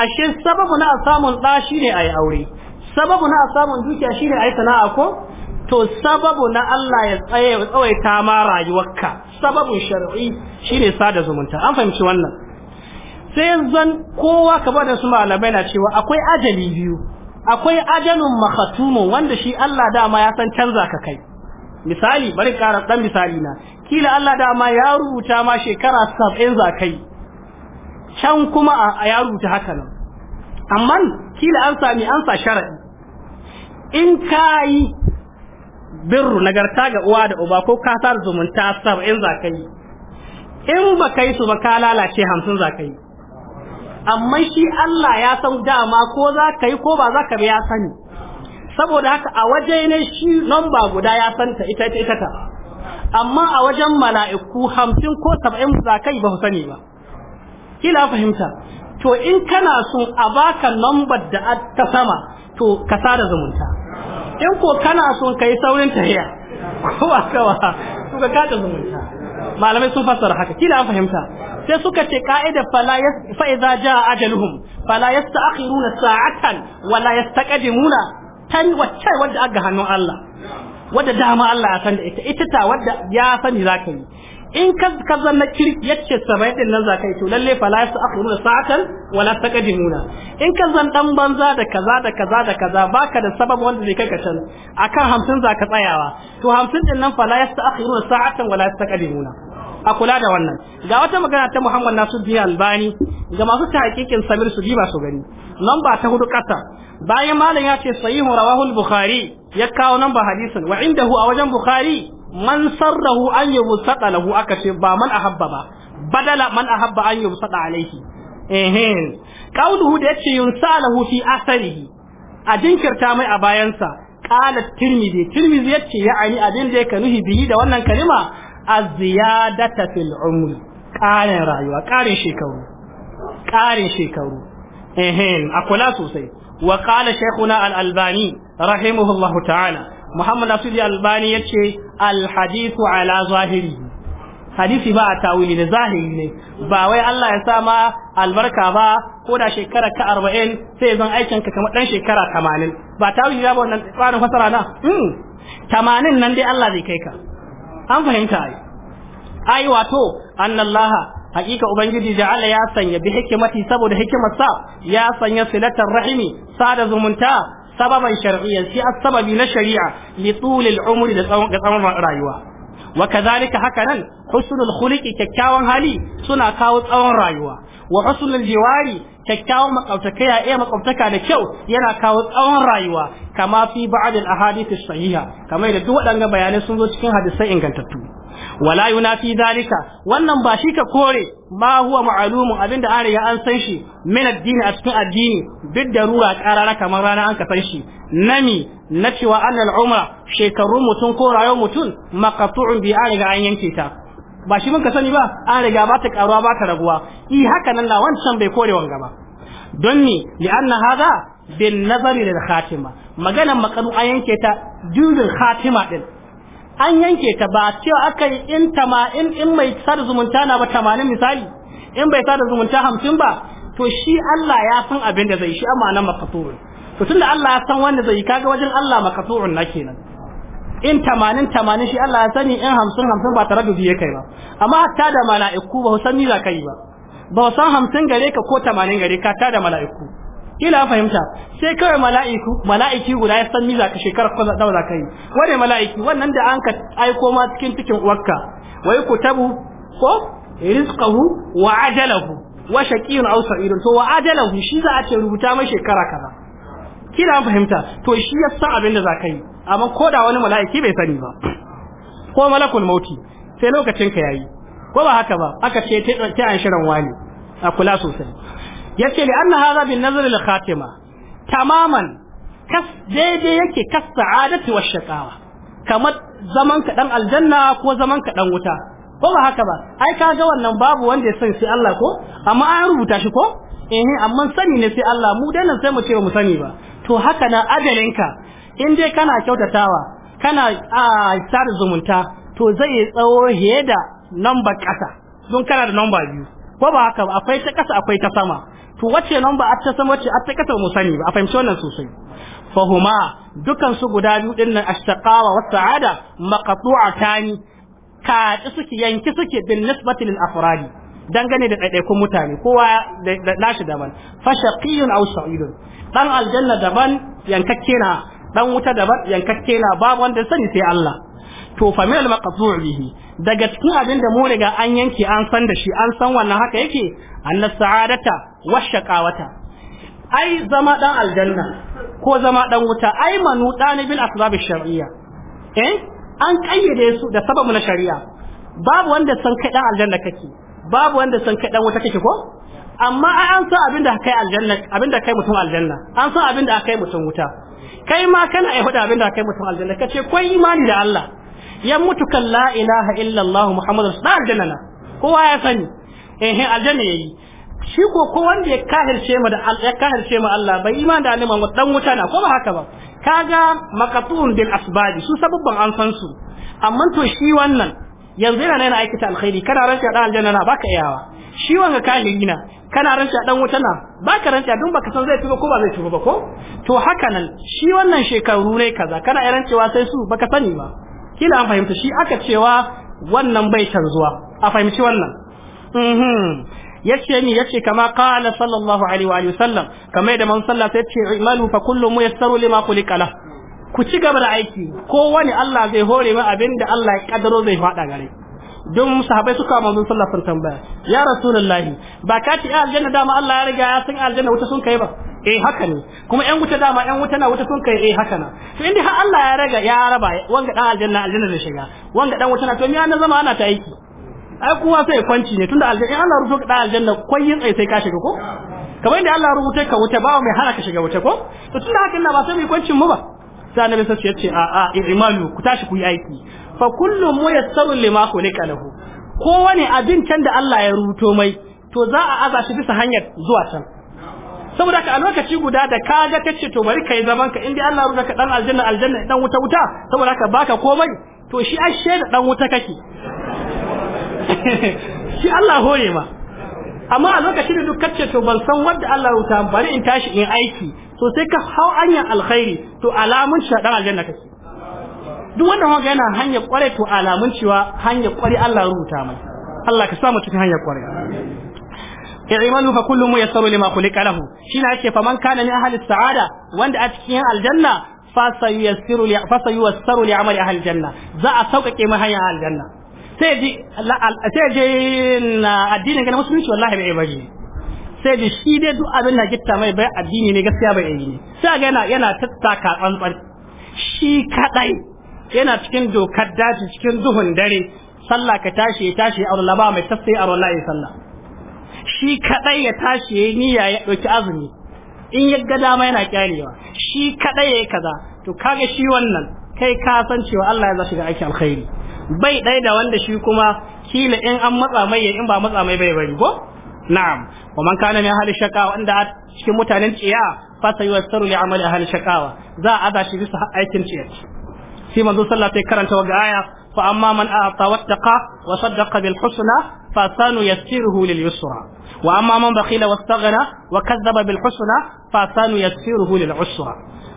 Speaker 1: ashe sababu na samun da shine ai aure sababu na samun dukiya shine ai sana'a ko to sababu na Allah ya tsaye ya tsawaita ma rayuwarka sababun shar'i shine sada zumunta an fahimci wannan sai zan kowa ka da su malamai na cewa akwai ajali biyu akwai ajalun makhatumun wanda shi Allah dama ya san canza ka kai misali bari ƙara ɗan misali na kila Allah dama ya rubuta ma shekara saba'in zakai. can kuma a ya rubuta haka nan amma kila an sami an sa sharadi in ka yi birru nagarta ga uwa da uba ko ka sa zumunta saba'in za ka in ba ka su ba ka lalace hamsin za ka amma shi Allah ya san dama ko za ka yi ko ba za ka bi ya sani saboda haka a waje ne shi lamba guda ya santa ita ita ita ta amma a wajen mala'iku hamsin ko saba'in za ba su sani ba kila fahimta to in kana son a baka lambar da ta sama to ka sada zumunta in ko kana ka yi saurin tahiya kowa kawa to ka kada zumunta malamai sun fassara haka kila fahimta sai suka ce ka'ida fala fa idza jaa ajaluhum fala yasta'khiruna sa'atan wala yastaqdimuna tan wacce wanda aka hannun Allah wadda dama Allah ya san da ita ita ta wadda ya sani zaka yi in ka na kirki yace sabai din nan zakai to lalle fa la yasakhiru sa'atan wala taqdimuna in ka zan dan banza da kaza da kaza da kaza baka da sabab wanda zai kai ka can akan 50 zaka tsayawa to 50 din nan fa la yasakhiru sa'atan wala taqdimuna a kula da wannan ga wata magana ta Muhammad Nasiruddin Albani ga masu tahqiqin Samir su ba su gani nan ba ta hudu kasa bayan malam ya ce sahihu rawahul bukhari ya kawo ba hadisin wa indahu a wajen Bukhari man sarrahu an yi musaɗa lahu aka ce ba man a habba ba badala man ahabba an yi musada alaihi ehem kauluhu da yace yunsa lahu fi asarihi a jinkirta mai a bayansa tirmizi tirmizi ya yace ya ani abin da yake nuhi bihi da wannan kalima az-ziyadata fil umri ƙarin rayuwa ƙarin shekaru ƙarin shekaru ehem a kula sosai wa kala shekuna al-albani rahimahullahu ta'ala Muhammad Asudi Albani ya ce alhadithu ala zahiri hadisi ba a tawili ne zahiri ne ba wai Allah ya sama albarka ba ko da shekara ka arba'in sai zan aikin ka kamar dan shekara tamanin ba tawili ba wannan tsarin fasara na hmm. tamanin nan dai Allah zai kai ka an fahimta ai ai wato annallaha hakika ubangiji da Allah ya sanya bi hikimati saboda hikimarsa ya sanya silatar rahimi sada zumunta sababan shar'iyyan sai sababi na shari'a li tulil umri da tsawon rayuwa wa kadhalika hakanan husnul khuluqi kyakkyawan hali suna kawo tsawon rayuwa wa husnul jiwari kyakkyawan ya iya makwabtaka da kyau yana kawo tsawon rayuwa kama fi ba'd al ahadith sahiha kamar da duk waɗannan bayanai sun zo cikin hadisai ingantattu wala yunafi zalika wannan ba shi ka kore ma huwa ma'lumun abinda an riga an san shi min addini a cikin addini duk da ruwa karara kamar rana an ka san shi nami na cewa annal umra shekarun mutum ko rayuwar mutum maqtu'un bi an riga an yanke ta ba shi mun ka sani ba an riga ba ta karuwa ba ta raguwa i haka nan da wancan bai kore wanga ba don ni li anna hada bin nazari lil khatima maganan makanu an yanke ta dudul khatima din an yanke ta ba cewa aka yi in tama in in mai sada zumunta na ba tamanin misali in bai sada zumunta hamsin ba to shi Allah ya san abin da zai shi amma nan makasurun to tunda Allah ya san wanda zai kaga wajen Allah makasurun na kenan in tamanin tamanin shi Allah ya sani in hamsin hamsin ba tare da ya kai ba amma hatta da mala'iku ba san ni za ka yi ba ba san hamsin gare ka ko tamanin gare ka ta da mala'iku kila fahimta sai kawai mala'iku mala'iki guda ya san miza ka shekarar ko dawa yi wane mala'iki wannan da an ka aiko ma cikin cikin uwarka wai kutabu ko rizqahu wa ajalahu wa shaqiyun aw sa'idun to wa ajalahu shi za a ce rubuta mai shekara kaza kila fahimta to shi ya san abin da za yi amma ko da wani mala'iki bai sani ba ko malakul mauti sai lokacin ka yayi ko ba haka ba aka ce ta an shirin wani a kula sosai yace li anna hadha bin nazar lil khatima tamaman kas daidai yake kas sa'adati wa shaqawa kamar zaman ka dan aljanna ko zaman ka dan wuta ko ba haka ba ai ka ga wannan babu wanda ya san sai Allah ko amma an rubuta shi ko eh amma sani ne sai Allah mu dai nan sai mu ce mu sani ba to haka na ajalinka in dai kana kyautatawa kana a tsara zumunta to zai tsawo heda number kasa don kana da number biyu ko ba haka akwai ta kasa akwai ta sama to wace ba a ta sama wace a ta kasa mu sani ba a fahimci wannan sosai fahuma dukan su guda biyu din nan ashtaqawa wa sa'ada maqtu'atani ka suke yanki suke bin nisbati lil afradi dangane da daidaikun mutane kowa da nashi daban fashaqiyun aw sa'idun dan aljanna daban yankakke na dan wuta daban yankakke na babu wanda sani sai Allah to fa min al-maqtu' bihi daga cikin abin da mu riga an yanke an san da shi an san wannan haka yake annas sa'adata wa shaqawata ai zama dan aljanna ko zama dan wuta ai manu dan bil asbab shar'iyya eh an kayyade su da sababu na shari'a babu wanda san kai dan aljanna kake babu wanda san kai dan wuta kake ko amma ai an san abin da kai aljanna abin da kai mutum aljanna an san abin da kai mutum wuta kai ma kana ai huda abin da kai mutum aljanna kace kai imani da Allah Yan mutukan la ilaha illallah muhammadu rasul aljanna na kowa ya sani eh aljanna yayi shi ko ko wanda ya kahirce mu da ya kahirce mu Allah bai iman da annabi Muhammad dan wuta na ko ba haka ba kaga maqatun bil asbab su sababban an san su amma to shi wannan yanzu yana yana aikata alkhairi kana ranka dan aljanna na baka iyawa shi wanga kahiri na kana ranka dan wuta na baka ranka dun baka san zai tuba ko ba zai tuba ba ko to haka nan shi wannan shekaru ne kaza kana rancewa sai su baka sani ba kila an fahimta shi aka cewa wannan bai canzuwa a fahimci wannan mhm. yace ni yace kama qala sallallahu alaihi wa sallam kama yadda man sallah sai yace imalu fa ya muyassaru lima kuli la ku ci gaba da aiki ko wani Allah zai hore abin abinda Allah ya kaddaro zai fada gare don sahabbai suka manzon sallah sun tambaya ya rasulullahi ba ka ci aljanna dama Allah ya riga ya san aljanna wuta sun kai ba eh haka ne kuma yan wuta dama yan wuta na wuta sun kai eh haka na to inda har Allah ya raga ya raba wanga dan aljanna aljanna zai shiga wanga dan wuta na to me an zama ana ta aiki ai kuwa sai kwanci ne tunda aljanna in Allah rubuta dan aljanna koyin tsai sai ka shiga ko kamar inda Allah ya rubuta ka wuta ba mai hana ka shiga wuta ko to tunda haka ina ba sai mai kwancin mu ba sai annabi sai ya ce a a i'malu ku tashi ku yi aiki fa kullu muyassaru lima khuliqa lahu kowane abin can da Allah ya rubuto mai to za a aza shi bisa hanyar zuwa can saboda ka a lokaci guda da ka ga kace to bari kai zaman ka indai Allah ruka dan aljanna aljanna dan wuta wuta saboda ka baka komai to shi ashe da dan wuta kake shi Allah hore ma amma a lokaci da duk kace to ban san wanda Allah ya wuta bari in tashi in aiki to sai ka hau hanyar alkhairi to alamun shi dan aljanna kake duk wanda haka yana hanyar kware to alamun cewa hanyar kware Allah ya rubuta mai Allah ka sa mu cikin hanyar kware i'malu fa kullu muyassaru lima khuliqa lahu shi na yake faman kana min ahli sa'ada wanda a cikin aljanna fa sayyassiru li fa sayyassiru li amali ahli janna za a sauƙaƙe mai hanyar aljanna sai ji sai ji addinin ga musulunci wallahi bai bari sai ji shi dai duk abin da gitta mai bai addini ne gaskiya bai yi ne sai ga yana yana tattaka tsantsan shi kadai yana cikin dokar daji cikin duhun dare sallah ka tashi ya tashi a ba mai tasiri a wallahi sallah shi kadai ya tashi yayi niyya ya ɗauki azumi in ya ga dama yana kyalewa shi kadai yayi kaza to kaga shi wannan kai ka san cewa Allah ya za shiga aikin alkhairi bai dai da wanda shi kuma kila in an matsa mai in ba matsa mai bai bari ko na'am wa man kana min ahli shaqawa wanda cikin mutanen tsiya fa sayuwassaru li amali ahli shaqawa za a ada shi bisa aikin tsiya sai manzo sallallahu alaihi karanta wa ga aya فأما من أعطى واتقى وصدق بالحسنى فسنيسره لليسرى وأما من بخيل واستغنى وكذب بالحسنى فسنيسره للعسرى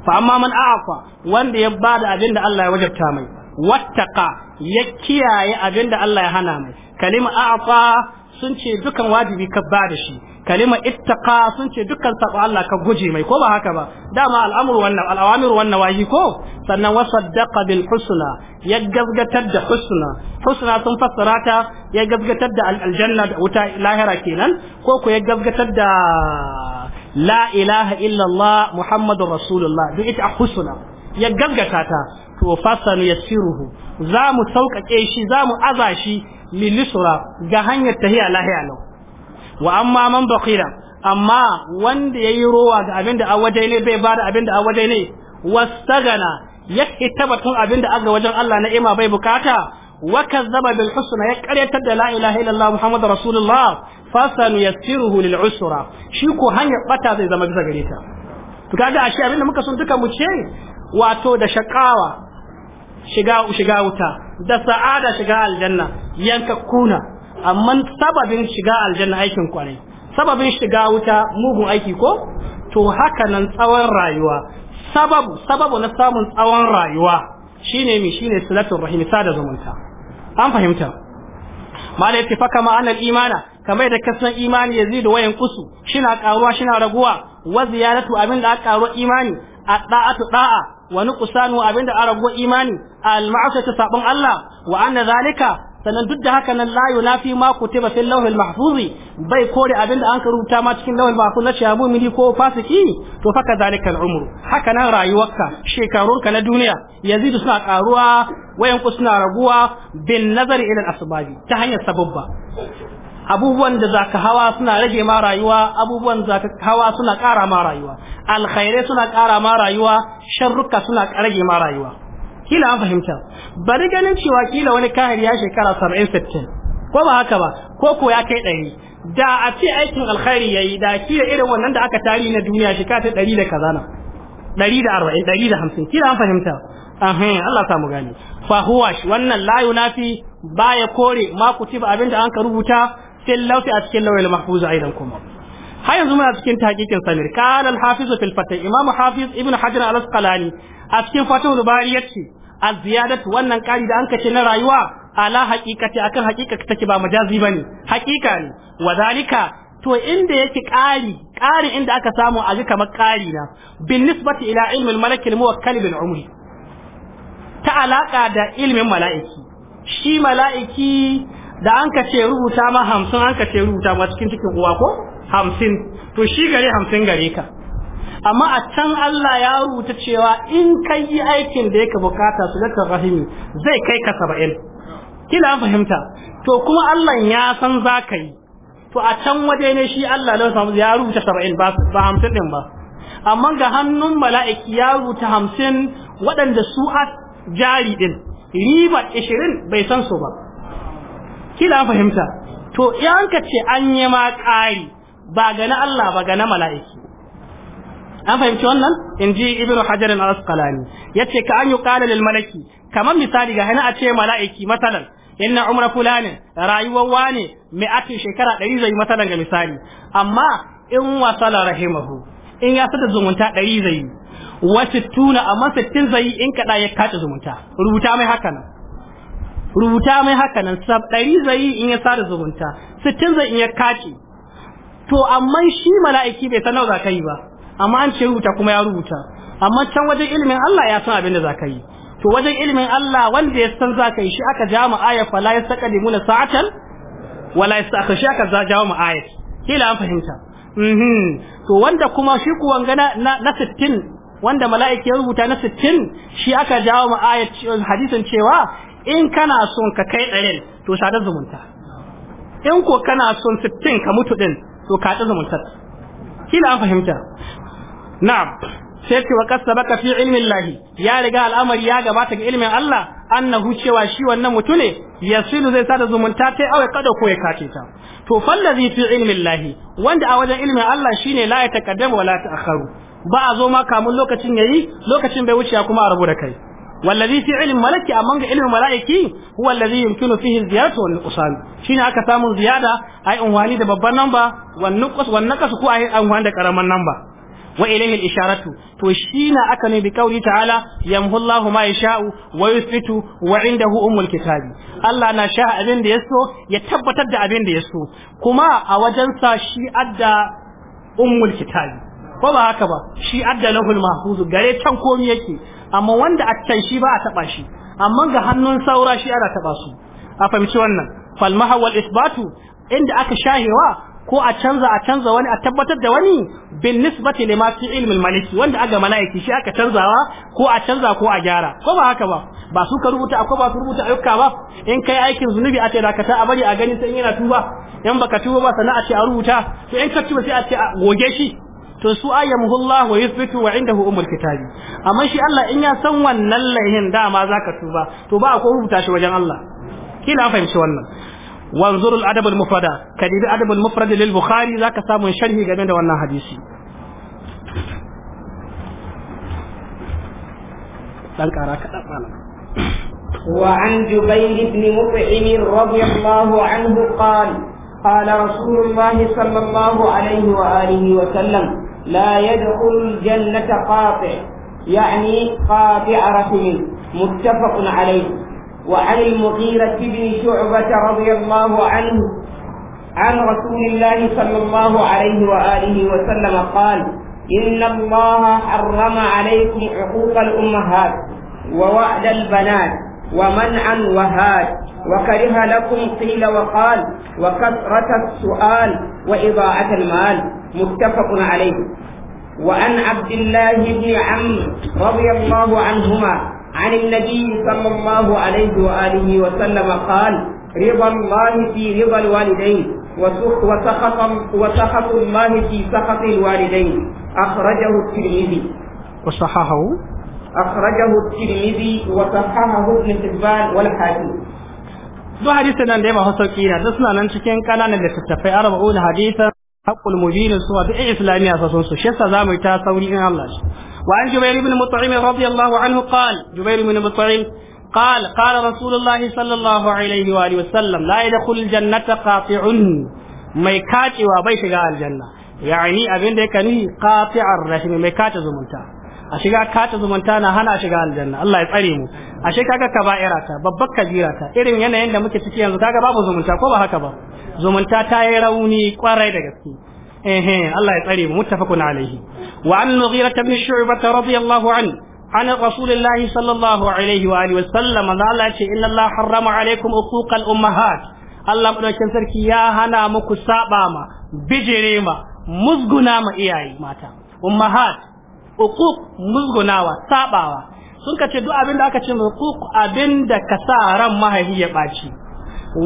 Speaker 1: فأما من أعطى وان يبعد أجند الله وجب تامي واتقى يكيا أجند الله هنامي كلمة أعطى sun ce dukan wajibi ka ba da shi kalima ittaqa sun ce dukkan sabo Allah ka guje mai ko ba haka ba dama al'amru wannan al'awamiru wannan wahi ko sannan wa saddaqa bil husna ya gazgatar da husna husna sun fassara ta ya gazgatar da aljanna da wuta lahira kenan ko ko ya gazgatar da la ilaha illallah muhammadur rasulullah duk ita husna ya gazgata ta to fasanu yassiruhu za mu sauƙaƙe shi zamu aza shi lilisura ga hanyar tahiya lahiya lau wa amma man bakira amma wanda yayi rowa ga abinda a waje ne bai bada abinda da a waje ne wastagana ya tabbatun abinda da ga wajen Allah na ima bai bukata wa kazzaba bil husna ya karyatar da la ilaha illallah muhammadu rasulullah fa sanuyassiruhu lil usra shi ko hanyar bata zai zama bisa gare ta to kaga ashe abin da muka sun duka mu ce wato da shakawa shiga shiga wuta da sa'ada shiga aljanna yanka kuna amma sababin shiga aljanna aikin kwarai sababin shiga wuta mugun aiki ko to haka nan tsawon rayuwa sababu sababu na samun tsawon rayuwa shine mi shine salatu rahim da zumunta an fahimta malai fa kama anal imana kamar da kasan imani yazidu wayan kusu shina karuwa shina raguwa wa ziyaratu abin da aka karuwa imani a da'atu da'a wa nuqsanu abin da aka raguwa imani al ma'asiyatu sabon Allah wa anna zalika sannan duk da haka nan na fi ma kutiba fil lawhil mahfuz bai kore abinda an rubuta ma cikin lawhil mahfuz na shabu mili ko fasiki to faka zalikal umru haka nan rayuwarka shekarunka na duniya yazidu suna karuwa wayan ku suna raguwa bin nazari ila asbabi ta hanyar sababba abubuwan da zaka hawa suna rage ma rayuwa abubuwan zaka hawa suna kara ma rayuwa alkhairai suna kara ma rayuwa sharruka suna rage ma rayuwa kila an fahimta bari ganin cewa kila wani kahir ya shekara 70 60 ko ba haka ba ko ko ya kai 100 da a ce aikin alkhairi yayi da kila irin wannan da aka tari na duniya shekara ta 100 da kaza na 140 150 kila an fahimta ahin Allah mu gani fa huwa wannan la yunafi baya kore ma kutiba abinda an ka rubuta sai lawfi a cikin lawil mahfuz aidan kuma har yanzu muna cikin taqiqin samir qala al-hafiz imam hafiz ibn hajar al-asqalani a cikin fatahul bari yace az-ziyadat wannan kari da an kace na rayuwa ala haqiqati akan haqiqa take ba majazi bane haqiqa ne Wazalika to inda yake ƙari ƙari inda aka samu a ji kamar ƙari na bin nisbati ila ilmin malakil muwakkal bil umri ta alaka da ilmin mala'iki shi mala'iki da an ka rubuta ma hamsin an ka rubuta ma cikin cikin uwa ko hamsin to shi gari hamsin gare ka amma a can Allah ya rubuta cewa in ka yi aikin da yake bukata su lakar rahimi zai kai ka saba'in kila an fahimta to kuma Allah ya san za ka yi to a can waje ne shi Allah na ya rubuta saba'in ba hamsin din ba amma ga hannun mala'iki ya rubuta hamsin waɗanda su a jari din riba ishirin bai san su ba kila an fahimta to yanka ce an yi ma ƙari ba ga na Allah ba ga na mala’iki. an fahimci wannan in ji ibnu hajar al-asqalani yace ka an yuqala lil malaki kamar misali ga hana a ce mala'iki masalan inna umra fulani rayuwar wani mai atin shekara ɗari zai masalan ga misali amma in wasala rahimahu in ya sada zumunta ɗari zai wasu tuna amma sittin zai in kaɗa ya kace zumunta rubuta mai haka nan rubuta mai haka nan sab ɗari zai in ya sada zumunta sittin zai in ya kace to amma shi mala'iki bai san da ka yi ba amma an ce rubuta kuma ya rubuta amma can wajen ilimin Allah ya san abin da za ka yi to wajen ilimin Allah wanda ya san za ka yi shi aka ja mu aya fa la mun sa'atan wala yasta'khir shi aka ja mu aya kila an fahimta mhm to wanda kuma shi ku wanga na 60 wanda mala'iki ya rubuta na 60 shi aka jawo mu ayat hadisin cewa in kana son ka kai ɗarin to sadar zumunta in ko kana son 60 ka mutu din to ka ta zamantar kila an fahimta na'am sai ce wa kasabaka fi ilmin lahi ya riga al'amari ya gabata ga ilmin Allah annahu cewa shi wannan mutune yasilu zai sada zumunta ta awai kada ko ya kace ta to fallazi fi ilmin lahi wanda a wajen ilmin Allah shine la ya taqaddama wala ta'akharu ba a zo ma kamun lokacin yayi lokacin bai wuce kuma a rabu da kai wallazi fi ilmin malaki amma ga ilmin mala'iki huwa allazi yumkinu fihi ziyaratu wal nuqsan shine aka samu ziyada ai unwani da babban namba wan nuqs wan naqas ko ai unwani da karaman namba wa ilayhi al isharatu to shine aka ne bi kauli ta'ala yamhu Allahu ma yasha'u wa yuthbitu wa indahu umul kitabi Allah na sha abin da yaso ya tabbatar da abin da yaso kuma a sa shi adda ummul kitabi ko ba haka ba shi adda lahul mahfuz gare can komi yake amma wanda a can shi ba a taba shi amma ga hannun saura shi ana taba su a fahimci wannan fal mahawal isbatu inda aka shahewa ko a canza a canza wani a tabbatar da wani bin nisbati lima fi ilimin maliki wanda aga malaiki shi aka canzawa ko a canza ko a gyara ko ba haka ba ba su ka rubuta ko ba su rubuta ayyuka ba in kai aikin zunubi a ce dakata a bari a gani sai yana tuba in baka tuba ba sana'a ce a rubuta to in ka tuba sai a ce a goge shi to su ayyamuhu Allah wa yuthbitu wa indahu umul kitabi amma shi Allah in ya san wannan laihin dama zaka tuba to ba ko rubuta shi wajen Allah kila fahimci wannan wanzur al-adab al-mufrad ka dibi adab al-mufrad lil bukhari zaka samu sharhi game da wannan hadisi dan kara ka dan malam
Speaker 2: وعن جبير بن مطعم رضي الله عنه قال قال رسول الله صلى الله عليه وآله وسلم لا يدخل الجنة قاطع يعني قاطع رحم متفق عليه وعن المغيرة بن شعبة رضي الله عنه عن رسول الله صلى الله عليه وآله وسلم قال إن الله حرم عليكم عقوق الأمهات ووعد البنات ومنعا وهاد وكره لكم قيل وقال وكثرة السؤال وإضاعة المال متفق عليه وعن عبد الله بن عمرو رضي الله عنهما عن النبي صلى الله عليه وآله وسلم قال رضا الله في رضا الوالدين وسخط وسخط الله في سخط الوالدين أخرجه الترمذي وصححه أخرجه الترمذي وصححه ابن حبان والحاكم duk
Speaker 1: hadisin nan da ya masu sauki na duk suna nan cikin ƙananan littattafai arba'un hadisan haqqul mubin suwa duk islamiya sa sun su shessa zamu ta sauri in Allah shi wa an jubair ibn mut'im radiyallahu anhu qala jubair ibn mut'im قال قال رسول الله صلى الله عليه وآله وسلم لا يدخل الجنة قاطع mai kacewa bai shiga aljanna yani abin da yake nufi qati'ar rahimi mai kace zumunta a shiga kata zumunta na hana shiga aljanna Allah ya tsare mu ashe kaga kaba'ira ta babbar kabira ta irin yanayin da muke ciki yanzu kaga babu zumunta ko ba haka ba zumunta ta yi rauni kwarai da gaske eh Allah ya tsare mu muttafaqun alaihi wa an mughira ibn shu'bah radiyallahu an عن رسول الله صلى الله عليه وآله وسلم قال إن الله حرم عليكم حقوق الأمهات Allah madaukakin sarki ya hana muku saba ma bijire ma musguna ma iyaye mata ummahat hukuk musgunawa sabawa sun ka ce duk abin da aka ce hukuk abin da ka sa ran mahaifi ya baci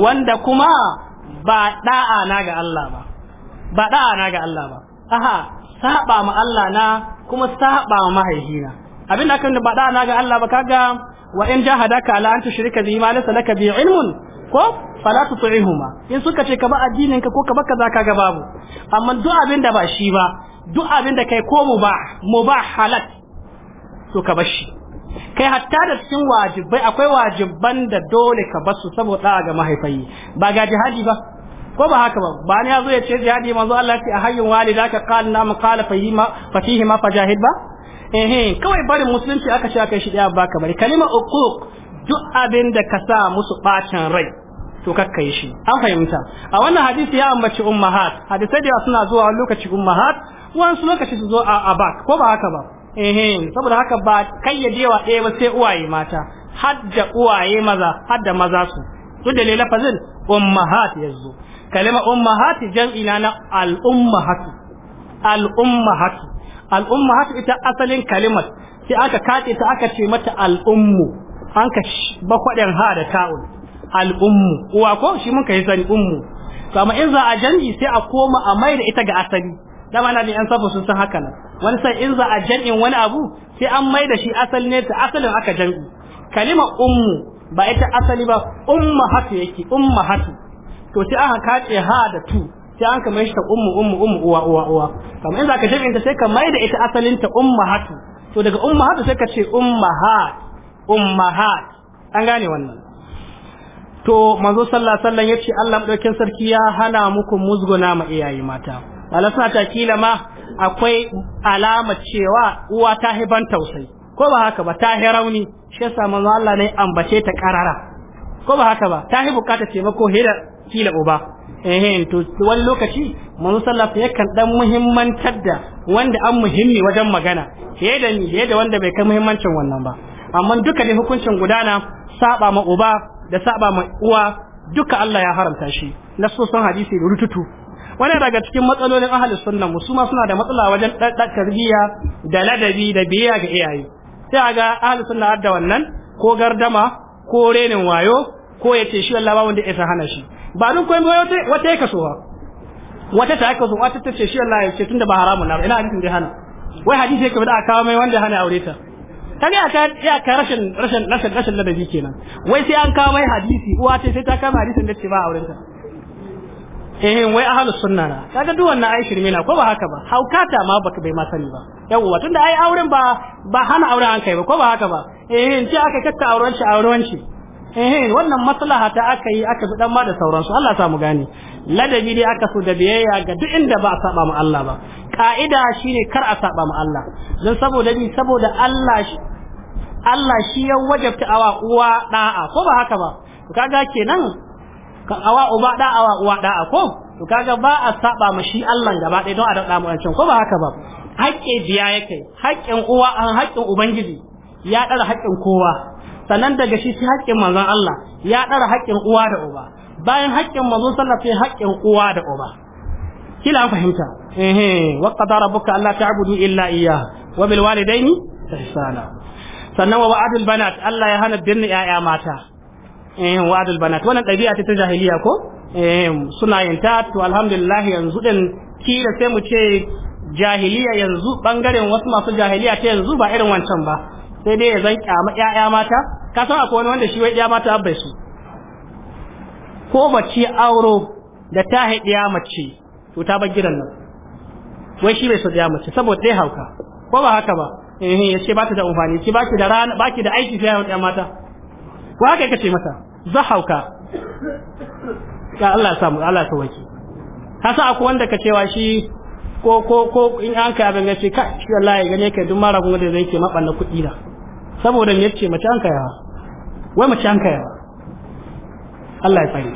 Speaker 1: wanda kuma ba da'a na ga Allah ba ba da'a na ga Allah ba aha saba ma Allah na kuma saba ma na abin da aka ba da'a na ga Allah ba kaga wa in jahadaka ala an tushrika bi ma laysa laka bi ilmun ko fala huma in suka ce ka ba addinin ka ko ka baka zaka ga babu amma duk abin da ba shi ba duk abin da kai ko mu ba halal to ka bar shi kai hatta da cikin wajibai akwai wajiban da dole ka basu su saboda ga mahaifai ba ga jihadi ba ko ba haka ba ba ne yazo ya ce jihadi manzo Allah ya ce ahayyun walidaka qala nam qala fahima ma fajahid ba eh kawai barin musulunci aka ce aka shi daya ba ka bari kalima uquq duk abin da ka sa musu bacin rai to kakkai shi an fahimta a wannan hadisi ya ambaci ummahat hadisai da suna zuwa lokaci ummahat wani lokaci su zo a abak ko ba haka ba eh saboda haka ba kayyadewa ɗaya ba sai uwaye mata hadda uwaye maza hadda maza su duk da lafazin ummahat yazo kalima ummahat jam'i na al ummahat al ummahat al ummahat ita asalin kalimar sai aka kace ta aka ce mata al ummu an ka bakwaden ha da ta'un al'ummu uwa ko shi mun kai sani ummu to amma in za a jan'i sai a koma a mai da ita ga asali dama na an safa sun san haka nan wani sai in za a jan'in wani abu sai an mai da shi asali ne ta asalin aka jan'i kalimar ummu ba ita asali ba umma hatu yake umma hatu to sai aka kace ha da tu sai an kamar shi ta ummu ummu ummu uwa uwa uwa amma in za ka jan'in ta sai ka mai da ita asalin ta umma hatu to daga umma hatu sai ka ce umma ha umma ha an gane wannan to manzo sallallahu alaihi wasallam yace Allah madaukin sarki ya hana muku musguna ma iyaye mata alasa ta kila ma akwai alama cewa uwa ta hiban tausayi ko ba haka ba ta hi rauni shi yasa manzo Allah ne ambace ta karara ko ba haka ba ta hi bukata ko hira kila uba eh to wani lokaci manzo sallallahu alaihi yakan dan muhimmantar da wanda an muhimmi wajen magana Ke da ni ke da wanda bai kai muhimmancin wannan ba amma duka ne hukuncin gudana saba ma uba da saba ma uwa duka Allah ya haramta shi na nasosan hadisi da rututu wani daga cikin matsalolin ahalin sunna musu ma suna da matsala wajen ɗaɗɗa tarbiyya da ladabi da biyayya ga iyaye sai a ga ahalin sunna da wannan ko gardama ko renin wayo ko ya ce shi Allah ba wanda ya hana shi ba dun koyi wata ya kaso wata ta kaso wata ta ce shi Allah ya ce tunda ba haramun na ina hadisin da hana wai hadisi ya kafa da aka kawo mai wanda hana aure ta kaga ya ka ya ka rashin rashin rashin rashin ladabi kenan wai sai an kawo mai hadisi uwa ce sai ta kama hadisin da ce ba auren ta eh wai ahlus sunna na kaga duk wannan ai shirme na ko ba haka ba haukata ma baka bai ma sani ba yawwa tunda ai auren ba ba hana auren an kai ba ko ba haka ba eh ce aka kakka auren shi auren shi eh wannan maslaha ta aka yi aka bi dan ma da sauransu Allah ya mu gane ladabi ne aka so da biyayya ga duk inda ba a saba mu Allah ba ka'ida shine kar a saba mu Allah dan saboda ni saboda Allah Allah shi ya wajabta awa uwa da'a ko ba haka ba to kaga kenan ka awa uba da'a awa uwa da'a ko to kaga ba a saba ma shi Allah gaba ɗaya don a daɗa mu ko ba haka ba haƙƙe biya yake haƙƙin uwa an ah, haƙƙin ubangiji ya ɗara haƙƙin kowa sannan daga shi sai haƙƙin manzon Allah ya ɗara haƙƙin uwa da uba bayan haƙƙin manzon sallah sai haƙƙin uwa da uba kila an fahimta eh eh wa qadara rabbuka alla ta'budu illa iyyah wa bil walidaini ihsana sannan wa wa'adul banat Allah ya hana binne 'ya'ya mata eh wa'adul banat wannan ɗabi'a ta jahiliya ko eh suna yin ta to alhamdulillah yanzu din kira sai mu ce jahiliya yanzu bangaren wasu masu jahiliya ta yanzu ba irin wancan ba sai dai ya zan kyama yaya mata ka san akwai wani wanda shi wai ƴaƴa mata abbai su ko mace auro da ta ya mace to ta bar gidan nan wai shi bai so ɗaya mace saboda dai hauka ko ba haka ba ehe ya ce ba ta da amfani ki baki da rana baki da aiki sai yawan mata ko haka kace mata hauka ka Allah ya samu Allah ya sauke sa akwai wanda ka cewa shi ko ko ko in an kai abin shi ka shi Allah ya gane kai duk mara kuma da zai ke maballa kudi na saboda me yace mace an kai wai mace an kai Allah ya tsare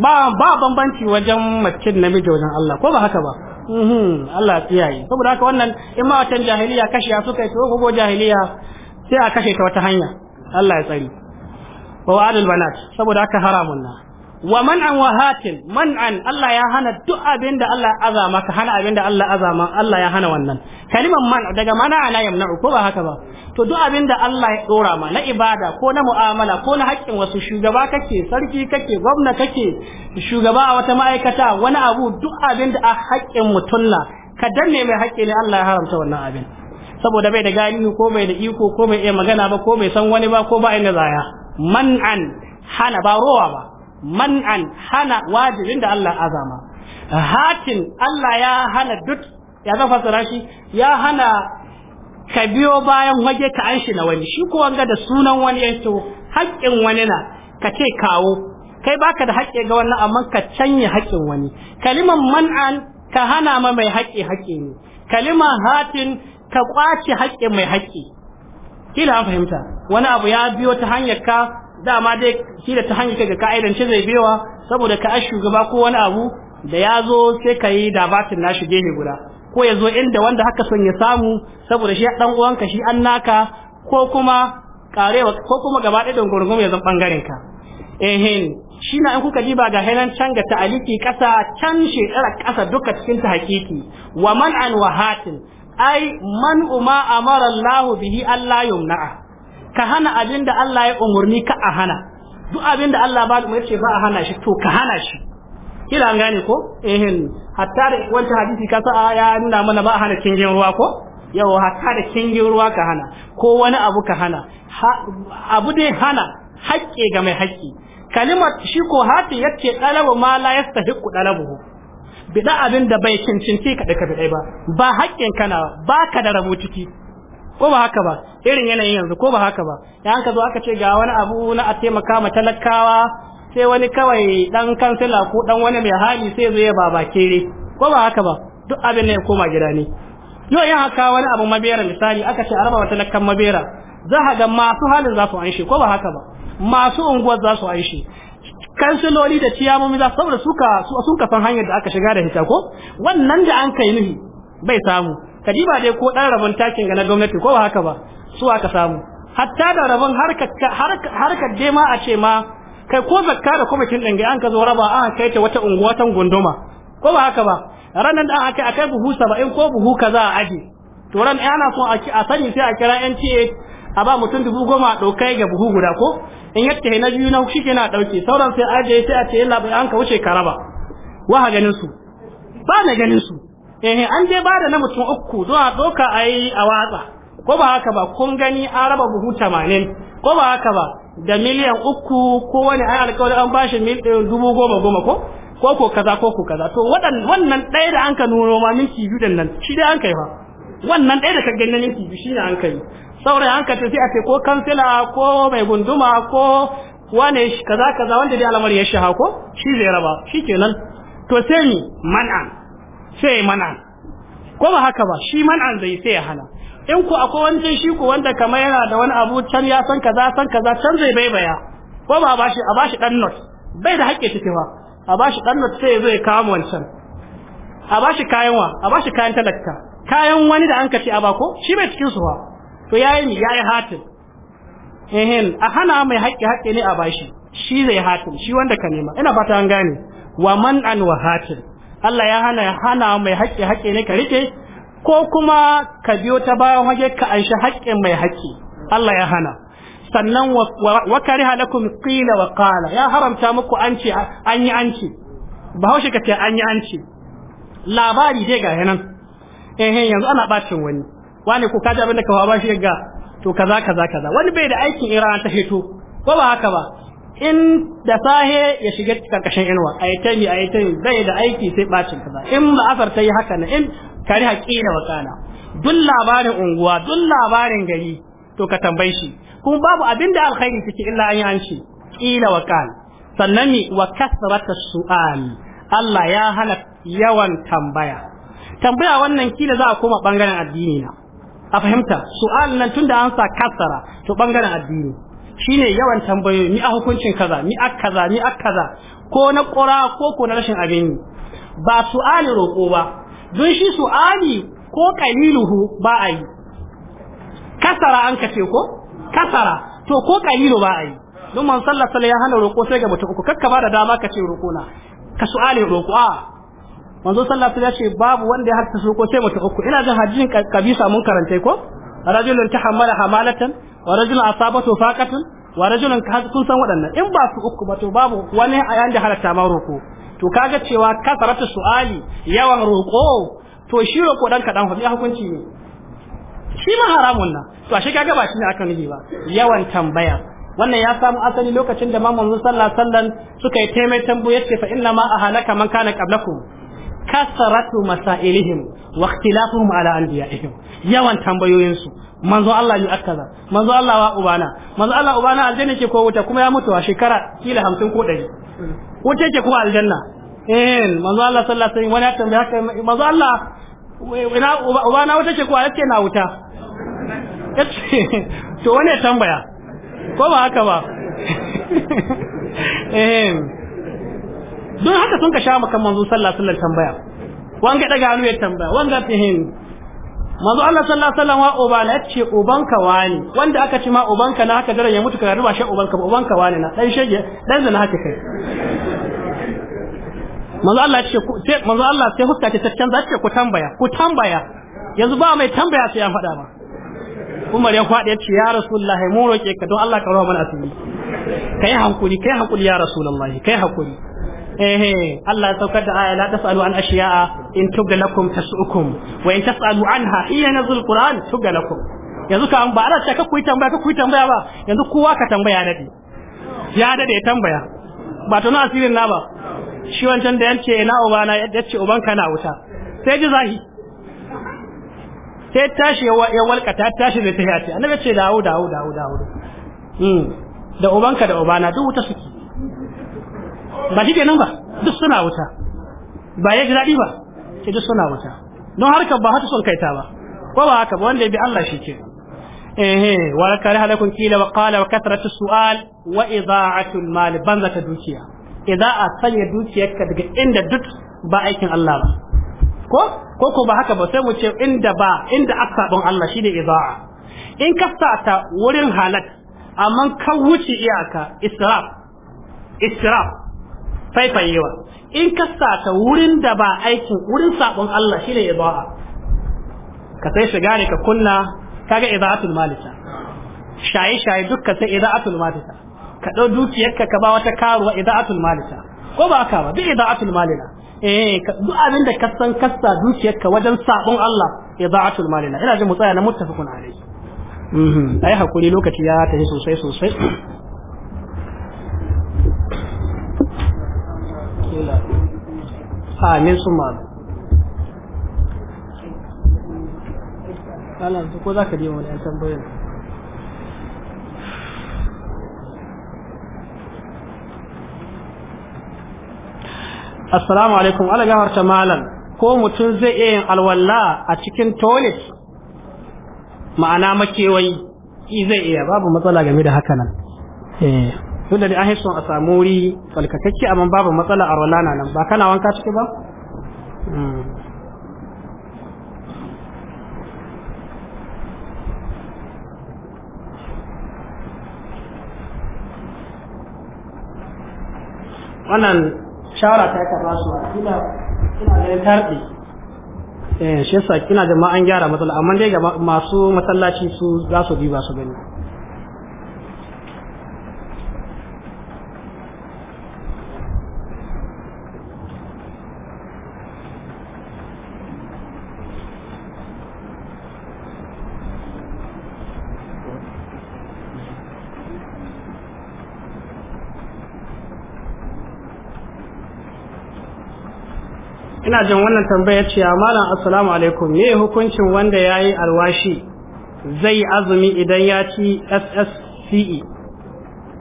Speaker 1: ba ba bambanci wajen mace namiji wajen Allah ko ba haka ba Mhm, Allah kiyaye saboda haka wannan in ma jahiliya jahiliya ya suka yi to gogo jahiliya sai a kashe ta wata hanya Allah ya tsari wa wa'adul banat saboda haka haramun na wa man'an wa hatin man'an Allah ya hana duk abin da Allah azama ka hana abin da Allah azama Allah ya hana wannan kalimar man daga mana ana yamna'u ko ba haka ba to duk abin da Allah ya dora ma na ibada ko na mu'amala ko na haƙƙin wasu shugaba kake sarki kake gwamna kake shugaba a wata ma'aikata wani abu duk abin da a haƙƙin mutulla ka danne mai haƙƙi ne Allah ya haramta wannan abin saboda bai da gani ko bai da iko ko bai iya magana ba ko bai san wani ba ko ba inda zaya man'an hana ba rowa ba man'an hana wajibin da Allah azama Hatin Allah ya hana duk ya zafa shi ya hana ka biyo bayan waje ka an na wani shi ko wanga da sunan wani ya to haƙƙin wani na ka ce kawo kai baka da haƙƙi ga wannan amma ka canye haƙƙin wani kaliman man'an ka hana ma mai haƙƙi haƙƙi ne kaliman hatin ka kwace haƙƙin mai haƙƙi kila an fahimta wani abu ya biyo ta hanyar ka dama dai shi da ta kai ga ka'idance zai biyawa saboda ka shugaba ko wani abu da ya zo sai ka yi dabatin nashi gefe guda ko ya zo inda wanda haka son ya samu saboda shi dan uwanka shi an naka ko kuma karewa ko kuma gaba ɗaya dongorgom ya zan bangaren ka ehin shi na in kuka ji ba ga hainan can ga ta'aliki ƙasa can shekara kasa duka cikin ta hakiki wa man an wahatin ai man umma amara Allahu bihi Allah yumna'a ka hana abin da Allah ya umurni ka a hana duk abin da Allah ba ya ce ba a hana shi to ka hana shi kila an gane ko ehin hatta da wanda hadisi ka sa ya nuna mana ba a hana kingin ruwa ko yau hatta da kingin ruwa ka hana ko wani abu ka hana abu dai hana haƙƙe ga mai haƙƙi kalimar shi ko hati yace dalabu ma la yastahiqu dalabuhu bida abin da bai cincinci da ka bidai ba ba haƙƙin kana ba ka da rabo ciki ko ba haka ba irin yanayin yanzu ko ba haka ba ya ka zo aka ce ga wani abu na a taimaka ma talakawa sai wani kawai dan kansila ko dan wani mai hali sai zo ya baba kere ko ba haka ba duk abin ne koma gida ne yau ya haka wani abu mabera misali aka ce araba wa talakan mabera za ka ga masu halin za su anshi ko ba haka ba masu unguwar za su anshi kansiloli da ciyamomi za saboda suka ka san hanyar da aka shiga da hita ko wannan da an kai nuhi bai samu kadiba dai ko dan rabon takin ga na gwamnati ko haka ba su aka samu hatta da rabon harkar harkar dai ma a ce ma kai ko zakka da kwamitin ɗin an ka zo raba an kai ta wata unguwa tan gunduma ko ba haka ba ranar da aka akai buhu saba'in ko buhu kaza a aji to ran ana so a sani sai a kira NTA a ba mutum dubu goma a ɗaukai ga buhu guda ko in yadda na biyu na shi na ɗauke sauran sai aje sai a ce yalla bai an ka wuce karaba wa ha ganin su ba na ganin su eh an je ba da na mutum uku zuwa doka a yi a watsa ko ba haka ba kun gani an raba buhu tamanin ko ba haka ba da miliyan uku ko wani ai alƙawari an bashi eh, dubu goma goma ko ko ko kaza ko ko kaza to wannan ɗaya da an ka nuno ma minti biyu da nan shi dai an kai fa wannan ɗaya da ka gani minti biyu shi ne an kai saurayi an ka tafi a ce ko kansila ko mai gunduma ko wane kaza kaza wanda dai alamar ya shaha ko shi zai raba shi kenan to sai ni man'an sai mana ko ba haka ba shi man an zai sai ya hana in ku akwai wani shi ku wanda kamar yana da wani abu can ya san kaza san kaza can zai baibaya ko ba a bashi a bashi dan not bai da haƙƙi ciki ba a bashi dan not sai zai kawo wancan a bashi kayan wa a bashi kayan talaka kayan wani da an kace a bako shi bai cikin su ba to yayi ni yayi hatin ehin a hana mai hakki hakki ne a bashi shi zai hatin shi wanda ka nema ina fata an gane wa man an wa hatin Allah ya hana hana mai haƙƙi haƙƙi ne ka rike ko kuma ka biyo ta bayan hage ka anshi haƙƙin mai haƙƙi Allah ya hana sannan wa kariha lakum qila wa qala ya haramta muku an ce an yi an ce bahaushe ka ce an yi an ce labari dai ga yanan eh yanzu ana bacin wani wani ko kaji abin da ka ba shi ga to kaza kaza kaza wani bai da aikin irana ta heto ko ba haka ba in da sahe ya shiga karkashin inuwa a yi taimi a yi taimi bai da aiki sai bacin kaza in la'asar ta yi haka na in kari haƙila wa kana duk labarin unguwa duk labarin gari to ka tambayi shi kuma babu abin da alkhairi take illa an yi an ce ƙila wa kana sannan mi wa kasrata su'al Allah ya hana yawan tambaya tambaya wannan kila za a koma bangaren addini na a fahimta su'al nan tunda an sa kasara to bangaren addini shine yawan tambayoyi ni a hukuncin kaza ni a kaza ni a kaza ko na ƙora, ko ko na rashin abin yi ba su'ali roƙo ba don shi su'ali ko kaliluhu ba a yi kasara an kace ko kasara to ko kalilu ba a yi don man sallallahu ya hana roƙo sai ga mutum uku kakka ba da dama ce roƙo na ka su'ali roƙo a manzo sallallahu ya ce babu wanda ya harta su ko sai mutum uku ina jin hadisin kabisa mun karanta ko rajulun tahammala hamalatan wa rajulun asabatu faqatun wa rajulun kun san waɗannan in ba su uku ba to babu wani a yanda halatta ma roko to kaga cewa kasaratu su'ali yawan roko to shi roko dan kadan hudu hukunci ne shi ma haramun na to ashe kaga ba shi ne aka nufi ba yawan tambaya wannan ya samu asali lokacin da mamman sallallahu alaihi wasallam suka yi taimai tambaye ce fa inna ma ahalaka man kana qablakum kasaratu masailihim wa ikhtilafuhum ala anbiya'ihim yawan tambayoyinsu manzo Allah yi akaza manzo Allah wa ubana manzo Allah ubana aljanna ke ko wuta kuma ya mutu a shekara kila 50 ko 100 wuta ke kuma aljanna eh manzo Allah sallallahu alaihi wasallam wani tambaya haka manzo Allah ina ubana wuta ke ko yace na wuta to wani tambaya ko ba haka ba
Speaker 3: eh
Speaker 1: don haka sun ka sha maka manzo sallallahu alaihi wasallam tambaya wanga daga hannu ya tambaya wanga fihim manzo Allah sallallahu alaihi wasallam wa ubana yace ubanka wani wanda aka ce ma ubanka na haka dare ya mutu ka ruba shi ubanka ubanka wani na dan shege dan zana haka kai manzo Allah ce manzo Allah sai huska ta canza ce ku tambaya ku tambaya yanzu ba mai tambaya sai ya faɗa ba Umar ya faɗi ya ya Rasulullah mu roke ka don Allah ka roba mana asiri kai hankuri kai hankuri ya Rasulullah kai hankuri eh Allah ya saukar da aya la tasalu an ashiya'a in tubda lakum tasukum wa in tasalu anha hiya nazul qur'an tubda lakum yanzu ka an ba ana shaka ku tambaya ka kuyi tambaya ba yanzu kowa ka tambaya dade ya dade tambaya ba to na asirin na ba shi wancan da yace na ubana yadda yace ubanka na wuta sai ji zahi sai tashi ya walkata tashi da tahiya ce annabi ce dawo dawo dawo dawo hmm. da ubanka da ubana duk wuta suke
Speaker 3: ba shi kenan ba duk
Speaker 1: suna wuta ba ya ji daɗi ba ke duk suna wuta don harkar ba hata son kaita ba ko ba haka ba wanda ya bi Allah shi ke ehe wa kare halakun kila wa qala wa kasratu su'al wa idha'atu al-mal banza ta dukiya idza a sanya dukiyarka daga inda duk ba aikin Allah ba ko ko ko ba haka ba sai mu ce inda ba inda asabon Allah shine iza'a? in ka sata wurin halak amma ka wuce iyaka israf israf faifayewa in ka sata wurin da ba aikin wurin sabon Allah shine iba'a ka sai shiga ne ka kunna kaga idaatul malika Shayi-shayi dukka sai idaatul malika ka dau dukiyarka ka ba wata karuwa idaatul malika ko ba haka ba duk idaatul malika eh duk abin da ka san kassa dukiyarka wajen sabon Allah idaatul malika ina jin mu tsaya na muttafaqun alai mhm. ai hakuri lokaci ya tafi sosai sosai Asalamu su ma kana su ko alaikum ala ta malam ko mutum zai iya yin alwala a cikin toilet ma'ana makewayi zai iya babu matsala game da haka nan eh. tunda da an a samu wuri falkakacce amma babu matsala a rolana nan ba kana wanka ciki ba hmm. wannan shawara ta yi ba su ina da ganin tarbi eh shi yasa kina jama'an gyara matsala amma dai ga masu masallaci su za su biyu ba su gani ina jin wannan tambaya ce malam assalamu alaikum me hukuncin wanda ya yi alwashi zai azumi idan ya ci ssce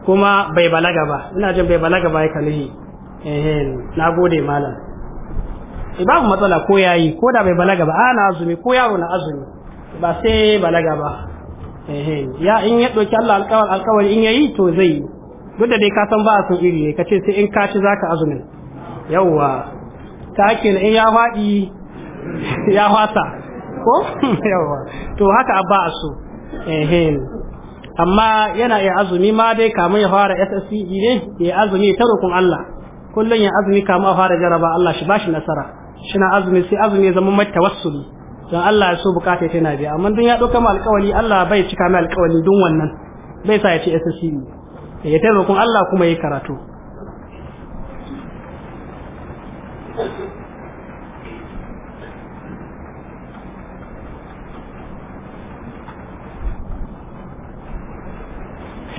Speaker 1: kuma bai balaga ba ina jin bai balaga ba ya kalihi na gode malam eh, babu matsala ko ya yi ko da bai balaga ba ana ah, azumi ko yaro na azumi ba sai balaga ba ya in ya ɗauki Allah alkawar alkawar in ya yi to zai yi duk da dai ka san ba a son iri ne ka ce sai in ka ci za ka azumin yawwa ta ke in ya faɗi ya fasa ko yawa to haka ba a so ehem amma yana iya azumi ma dai kamun ya fara SSC e ne ya azumi ta roƙon Allah kullum ya azumi kamun a fara jaraba Allah shi bashi nasara shi na azumi sai azumi zama zama mai tawassuli don Allah ya so bukata tana biya amma dun ya ɗauka mu alƙawari Allah bai cika mai alƙawari dun wannan bai sa ya ce SSC ya ta roƙon Allah kuma ya karatu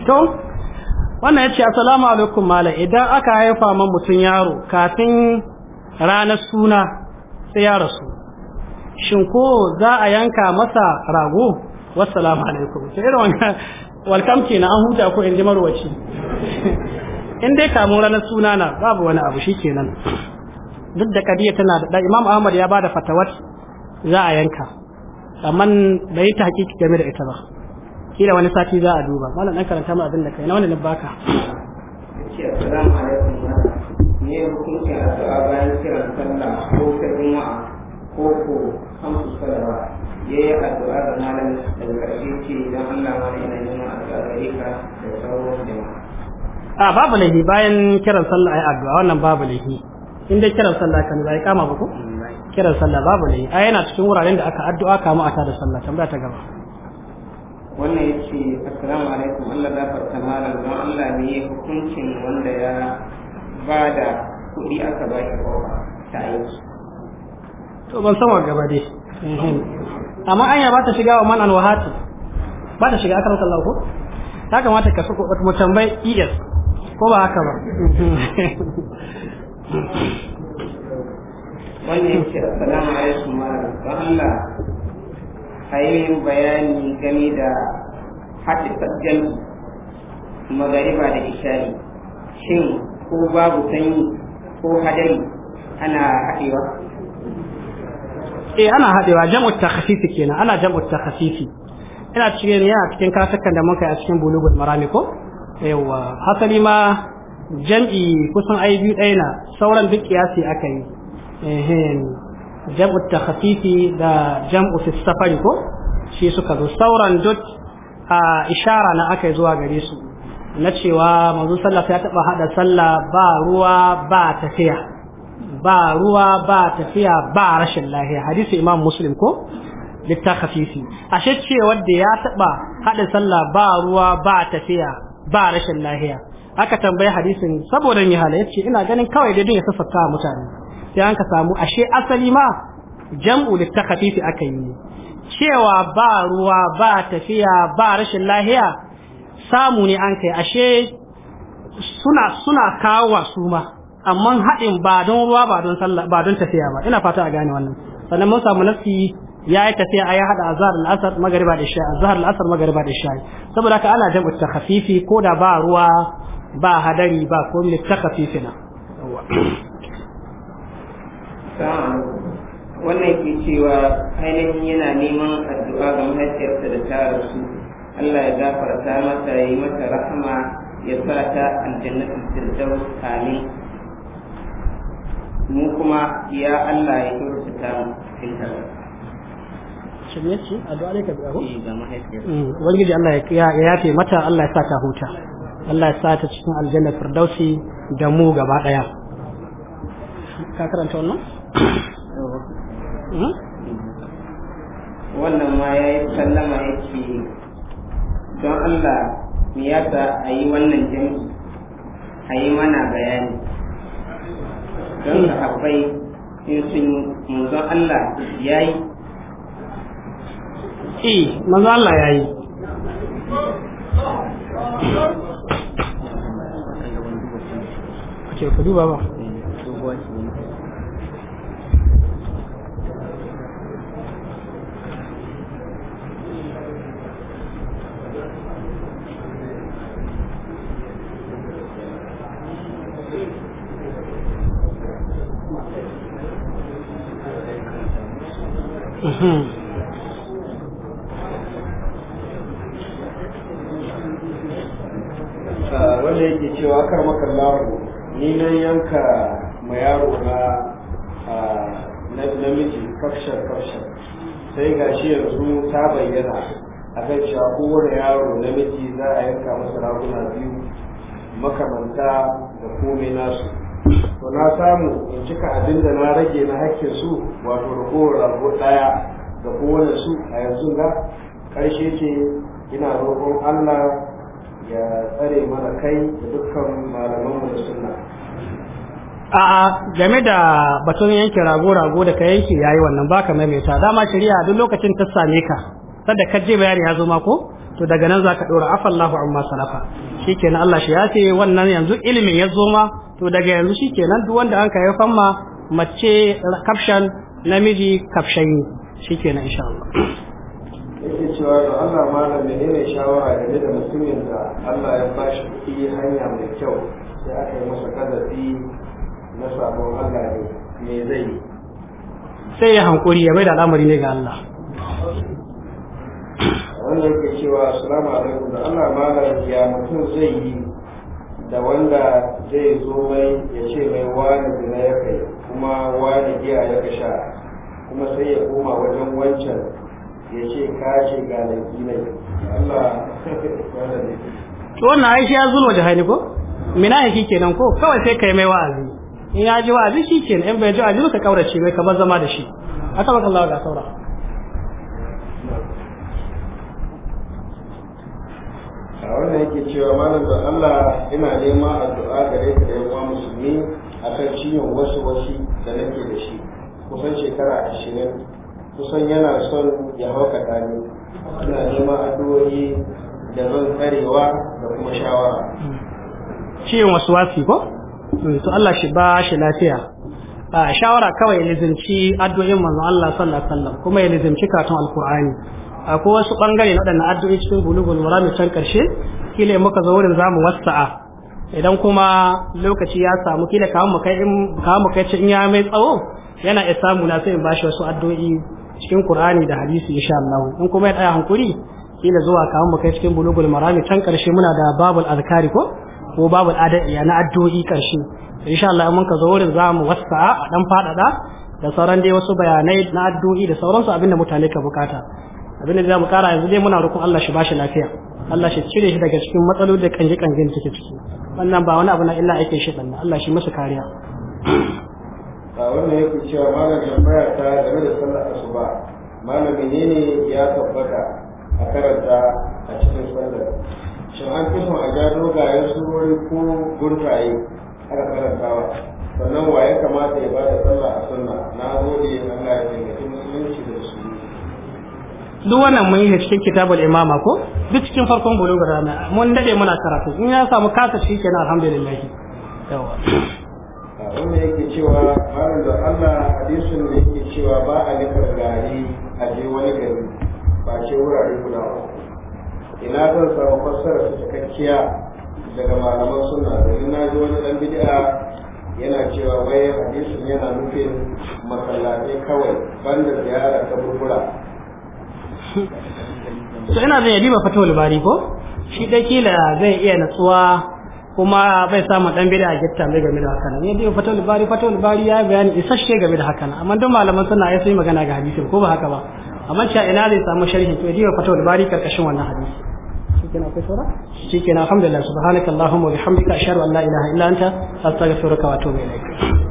Speaker 1: to wannan ya ce assalamu alaikum malam idan aka haifa man mutum yaro kafin ranar suna sai ya rasu shin ko za a yanka masa rago wassalamu alaikum to irin wannan welcome ke na an huta ko in ji marwaci in dai kamun ranar suna na babu wani abu shi kenan duk da kadiya tana da imam ahmad ya bada fatawar za a yanka amma bai ta hakiki game da ita ba kila wani sati za a duba malam dan karanta mu abin da kai na na baka
Speaker 4: assalamu alaikum ne hukunci bayan kiran sallah ko ka
Speaker 2: da
Speaker 1: a babu lahi bayan kiran sallah ai addu'a wannan babu lahi in dai kiran sallah kan zai kama ba ko mm, kiran sallah babu lahi ai yana cikin wuraren da aka addu'a kama a ta da sallah tambaya ta gaba
Speaker 2: wannan ya ce assalamu alaikum allah farka mara don allah ne hukuncin wanda ya ba da kuɗi aka ba shi ta aiki
Speaker 1: to ban sama gaba dai mhm. amma anya ba ta shiga wa man alwahati ba ta shiga aka sallah ko ta kamata ka suko mu tambayi es ko ba haka ba
Speaker 4: wannan ya ce assalamu alaikum malam don
Speaker 2: allah a yi bayani game da haɗe sajjan magariba da ishari shin ko babu sanyi ko hadari ana haɗewa
Speaker 1: eh ana haɗewa jam'u takhfisi kenan ana jam'u takhfisi ina cikin yana cikin kasakan da muka yi a cikin bulugul marami ko yawa hasali ma jam'i kusan ai biyu ɗaya na sauran duk kiyasi aka yi jam'u takhfifi da jam'u fi safari ko shi suka zo sauran duk a ishara na aka zuwa gare su na cewa manzo sallah ya taba hada sallah ba ruwa ba tafiya ba ruwa ba tafiya ba rashin lahiya hadisi imam muslim ko littakhafisi ashe ce wanda ya taba hada sallah ba ruwa ba tafiya ba rashin lahiya aka tambaye hadisin saboda ya hala yace ina ganin kawai dai ya sassaka mutane sai an ka samu ashe asali ma jam'u littakhafif aka yi cewa ba ruwa ba tafiya ba rashin lahiya samu ne an kai ashe suna suna kawo su ma amma haɗin ba don ruwa ba don sallah ba don tafiya ba ina fata a gane wannan sannan mun samu nafsi ya yi tafiya a ya haɗa azhar al'asar magariba da isha azhar al'asar magariba da isha saboda ka ana jam'u takhafifi ko da ba ruwa ba hadari ba ko na.
Speaker 2: wannan ke cewa ainihin yana neman addu'a ga mahaifiyarsa da ta rasu Allah ya gafarta mata ya yi mata rahama ya sa ta aljannatin firdaus kame mu kuma ya Allah ya kyautata mu firdaus
Speaker 1: Shin ce addu'a ne ka bi abu eh, ga wani mm, gidi Allah ya yafe mata Allah ya sa ta huta Allah ya sa ta cikin aljannatin firdausi da mu gaba daya ka karanta wannan
Speaker 2: wannan ma ya yi sallama yake don Allah mu yasa a yi wannan jami'i a yi mana bayani don sahabbai in sun yi manzon Allah ya yi
Speaker 1: eh manzon Allah ya yi ba
Speaker 4: saka ma yaro na namiji kafshar kafshar sai ga shi yanzu ta bayyana a kan cewa kowane yaro namiji za a yanka masa raguna biyu makamanta da komai nasu to na samu in cika abin da na rage na hakkin su wato rukowar rago ɗaya da kowane su a yanzu ga karshe ce ina roƙon allah ya tsare mana kai da dukkan malaman da
Speaker 1: a game da batun yanke rago rago da ka yanke yayi wannan baka maimaita dama shari'a duk lokacin ta same ka sadda ka je bayani ya zo ma ko to daga nan zaka dora afallahu amma salafa shikenan Allah shi ya ce wannan yanzu ilimin ya zo ma to daga yanzu shikenan duk wanda an kai fama mace caption namiji caption shikenan insha Allah
Speaker 4: yake cewa to Allah malam menene shawara game da mutumin da Allah ya bashi kuɗi hanya mai kyau sai aka yi masa kazafi na sabon Allah ne me zai yi.
Speaker 1: sai ya hankuri ya bai da al'amari ne ga
Speaker 3: Allah
Speaker 4: wannan ke cewa assalamu alaikum da Allah malam ya mutum zai yi da wanda zai zo mai ya ce mai wani zina ya kai kuma wani giya ya ka sha kuma sai ya koma wajen wancan ya ce ka ce ga laifi ne Allah
Speaker 1: wannan ai shi ya zulo jahani ko mina yake kenan ko kawai sai kai mai wa'azi in ya ji wa'azi shi ke in bai ji wa'azi ka kaurace mai kamar zama da shi kama kan lawa ga saura
Speaker 4: a wannan yake cewa malam da Allah ina nema addu'a gare ka da yawa musulmi kan ciwon wasu wasi da nake da shi kusan shekara ashirin kusan yana son ya haukata ni ina nema addu'o'i da zan karewa da kuma shawara
Speaker 1: ciwon wasu wasi ko to Allah shi ba shi lafiya a shawara kawai ya lizinci addu'in manzon Allah sallallahu alaihi wasallam kuma ya lizinci katon alqur'ani akwai wasu bangare na wadannan addu'o'i cikin bulugul murami can karshe kila muka zo wurin zamu wasa'a idan kuma lokaci ya samu kila kawo mu kai in kawo mu kai in ya mai tsawo yana iya samu na sai ba shi wasu addu'o'i cikin Qur'ani da hadisi insha Allah in kuma ya tsaya hankuri kila zuwa kawo mu kai cikin bulugul murami can karshe muna da babul azkari ko ko babu ya na addu'o'i karshe insha Allah mun ka zo wurin za mu wasa'a a dan fadada da sauran dai wasu bayanai na addu'o'i da sauransu abinda mutane ka bukata abinda za mu kara yanzu dai muna roƙon Allah shi bashi lafiya Allah shi cire shi daga cikin matsalolin da kanje kanjen take ciki wannan ba wani abu na illa ake shi dan Allah shi masa kariya
Speaker 4: Ba wannan yake cewa malam tambaya ta game da sallar asuba malam ne ya tabbata a karanta a cikin sallar shin an fi son a ja dogayen surori ko gurtaye aka karantawa sannan wa ya kamata ya bada sallah a sunna na gode Allah ya taimaki musulunci da su
Speaker 1: duk wannan mun yi cikin kitabul imama ko duk cikin farkon bulugul rana mun dade muna karatu in ya samu kasa shi kenan alhamdulillah
Speaker 4: yawa wanda yake cewa malam da Allah hadisin da yake cewa ba a nika gari a je wani gari ba ce wurare kulawa ina zan samu fassara su cikakkiya daga malaman suna domin na ji wani dan bid'a yana cewa wai hadisin yana nufin masallatai kawai banda ziyara ta burbura
Speaker 1: To ina zai yadi ba fatawul bari ko shi dai kila zai iya natsuwa kuma bai samu dan bid'a gitta mai game da hakan ne dai fatawul bari fatawul bari ya bayani isasshe game da hakan amma don malaman suna ya sai magana ga hadisin ko ba haka ba amma cewa ina zai samu sharhi to yaji fatawul bari karkashin wannan hadisi shikenan akwai saura
Speaker 3: shikenan alhamdulillah Subhanaka subhanakallahumma wa bihamdika ashhadu an la ilaha illa anta astaghfiruka wa atubu ilaik